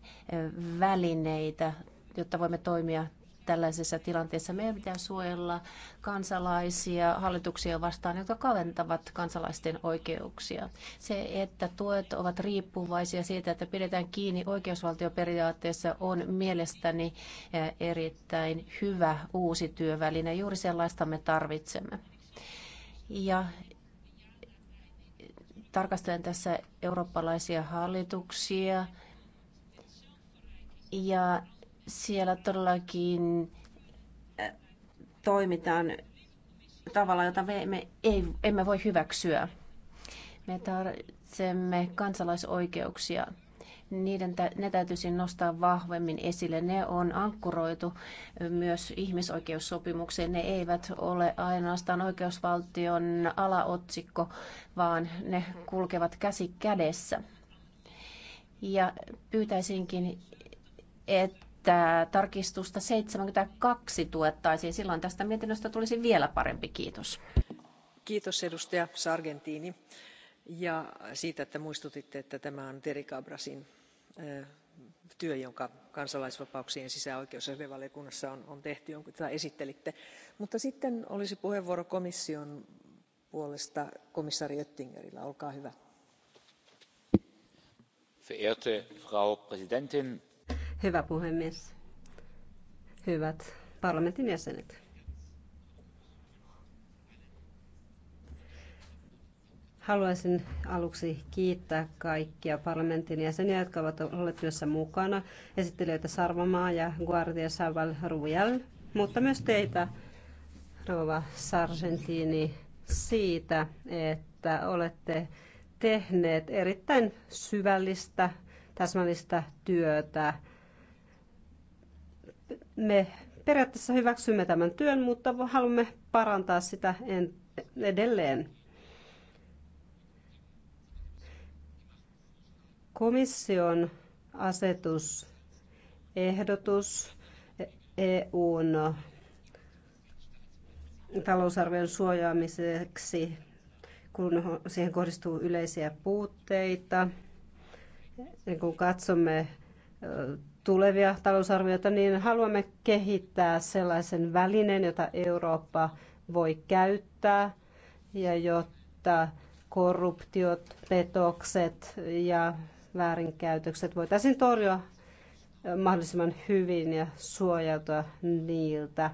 välineitä, jotta voimme toimia tällaisessa tilanteessa. Meidän pitää suojella kansalaisia hallituksia vastaan, jotka kaventavat kansalaisten oikeuksia. Se, että tuet ovat riippuvaisia siitä, että pidetään kiinni oikeusvaltioperiaatteessa, on mielestäni eh, erittäin hyvä uusi työväline. Juuri sellaista me tarvitsemme. Ja tarkastelen tässä eurooppalaisia hallituksia ja siellä todellakin äh, toimitaan tavalla, jota me emme, ei, emme voi hyväksyä. Me tarvitsemme kansalaisoikeuksia. Niiden ne täytyisi nostaa vahvemmin esille. Ne on ankkuroitu äh, myös ihmisoikeussopimukseen. Ne eivät ole ainoastaan oikeusvaltion alaotsikko, vaan ne kulkevat käsi kädessä. Ja pyytäisinkin, että että tarkistusta 72 tuettaisiin. Silloin tästä mietinnöstä tulisi vielä parempi. Kiitos. Kiitos edustaja Sargentini ja siitä, että muistutitte, että tämä on Terry Cabrasin työ, jonka kansalaisvapauksien sisäoikeus- ja on, on tehty, jonka esittelitte. Mutta sitten olisi puheenvuoro komission puolesta komissaari Oettingerillä. Olkaa hyvä. Verehrte Frau Präsidentin, Hyvä puhemies. Hyvät parlamentin jäsenet. Haluaisin aluksi kiittää kaikkia parlamentin jäseniä, jotka ovat olleet työssä mukana, esittelijöitä Sarvamaa ja Guardia Saval Rubial, mutta myös teitä, Rova Sargentini, siitä, että olette tehneet erittäin syvällistä, täsmällistä työtä me periaatteessa hyväksymme tämän työn, mutta haluamme parantaa sitä edelleen. Komission asetus, ehdotus EUn talousarvion suojaamiseksi, kun siihen kohdistuu yleisiä puutteita. Kun katsomme tulevia talousarvioita, niin haluamme kehittää sellaisen välineen, jota Eurooppa voi käyttää ja jotta korruptiot, petokset ja väärinkäytökset voitaisiin torjua mahdollisimman hyvin ja suojautua niiltä.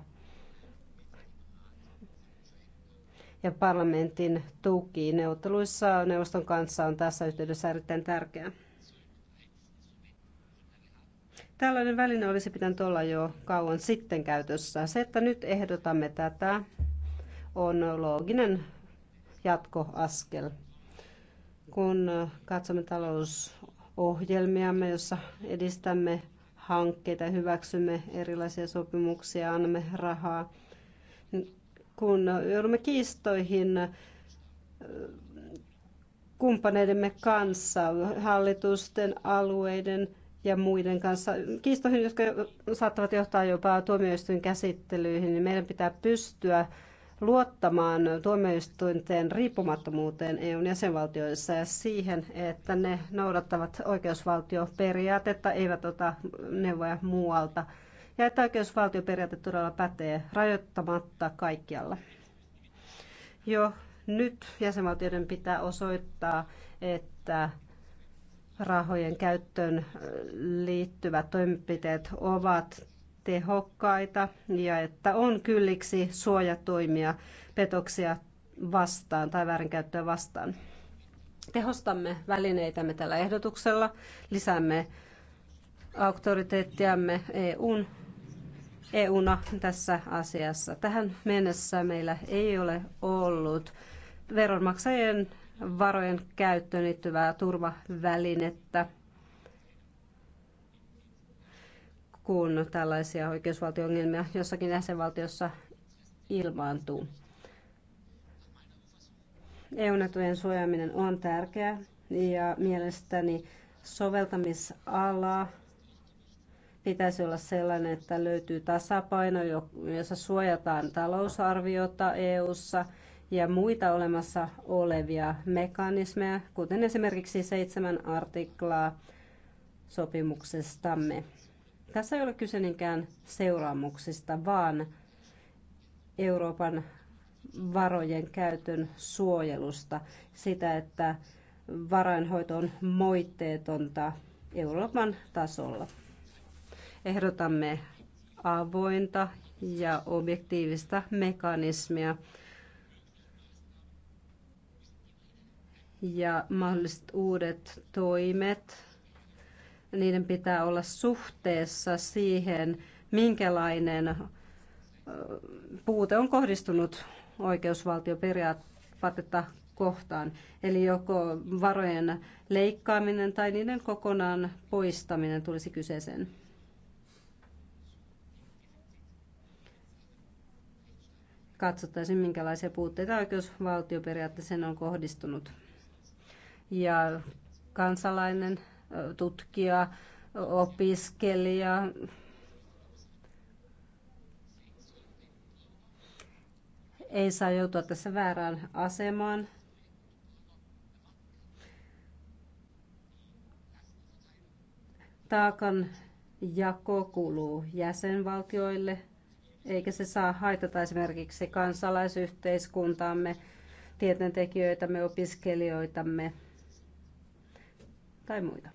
Ja parlamentin tuki neuvotteluissa neuvoston kanssa on tässä yhteydessä erittäin tärkeää. Tällainen väline olisi pitänyt olla jo kauan sitten käytössä. Se, että nyt ehdotamme tätä, on looginen jatkoaskel. Kun katsomme talousohjelmiamme, jossa edistämme hankkeita, hyväksymme erilaisia sopimuksia, annamme rahaa, niin kun joudumme kiistoihin äh, kumppaneidemme kanssa, hallitusten, alueiden, ja muiden kanssa kiistoihin, jotka saattavat johtaa jopa tuomioistuin käsittelyihin, niin meidän pitää pystyä luottamaan tuomioistuinten riippumattomuuteen EUn jäsenvaltioissa ja siihen, että ne noudattavat oikeusvaltioperiaatetta, eivät ota neuvoja muualta ja että oikeusvaltioperiaate todella pätee rajoittamatta kaikkialla. Jo nyt jäsenvaltioiden pitää osoittaa, että rahojen käyttöön äh, liittyvät toimenpiteet ovat tehokkaita ja että on kylliksi suojatoimia petoksia vastaan tai väärinkäyttöä vastaan. Tehostamme välineitämme tällä ehdotuksella, lisäämme auktoriteettiamme EUn, EUna tässä asiassa. Tähän mennessä meillä ei ole ollut veronmaksajien varojen käyttöön liittyvää turvavälinettä, kun tällaisia oikeusvaltiongelmia jossakin jäsenvaltiossa ilmaantuu. eu netujen suojaaminen on tärkeää ja mielestäni soveltamisala pitäisi olla sellainen, että löytyy tasapaino, jossa suojataan talousarviota EU:ssa – ja muita olemassa olevia mekanismeja, kuten esimerkiksi seitsemän artiklaa sopimuksestamme. Tässä ei ole kyse niinkään seuraamuksista, vaan Euroopan varojen käytön suojelusta, sitä, että varainhoito on moitteetonta Euroopan tasolla. Ehdotamme avointa ja objektiivista mekanismia, ja mahdolliset uudet toimet, niiden pitää olla suhteessa siihen, minkälainen puute on kohdistunut oikeusvaltioperiaatetta kohtaan. Eli joko varojen leikkaaminen tai niiden kokonaan poistaminen tulisi kyseeseen. Katsottaisiin, minkälaisia puutteita oikeusvaltioperiaatteeseen on kohdistunut ja kansalainen, tutkija, opiskelija, ei saa joutua tässä väärään asemaan. Taakan jako kuuluu jäsenvaltioille, eikä se saa haitata esimerkiksi kansalaisyhteiskuntaamme, tieteentekijöitämme, opiskelijoitamme – tai muita.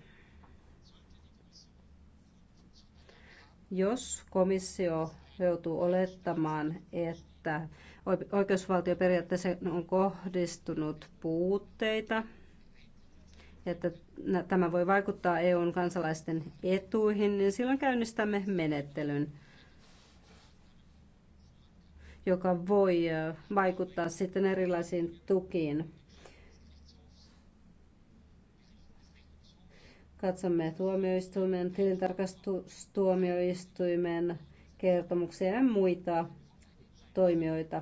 Jos komissio joutuu olettamaan, että oikeusvaltioperiaatteeseen on kohdistunut puutteita, että tämä voi vaikuttaa EUn kansalaisten etuihin, niin silloin käynnistämme menettelyn, joka voi vaikuttaa sitten erilaisiin tukiin Katsomme tuomioistuimen, tilintarkastustuomioistuimen kertomuksia ja muita toimijoita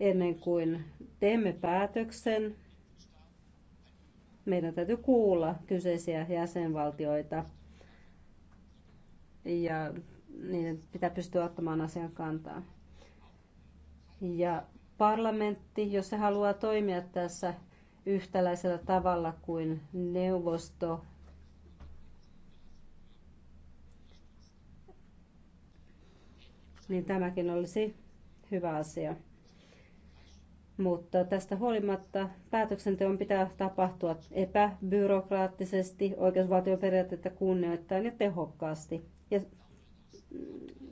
ennen kuin teemme päätöksen. Meidän täytyy kuulla kyseisiä jäsenvaltioita ja niiden pitää pystyä ottamaan asian kantaa. Ja parlamentti, jos se haluaa toimia tässä yhtäläisellä tavalla kuin neuvosto niin tämäkin olisi hyvä asia. Mutta tästä huolimatta päätöksenteon pitää tapahtua epäbyrokraattisesti, oikeusvaltioperiaatteita kunnioittain ja tehokkaasti. Ja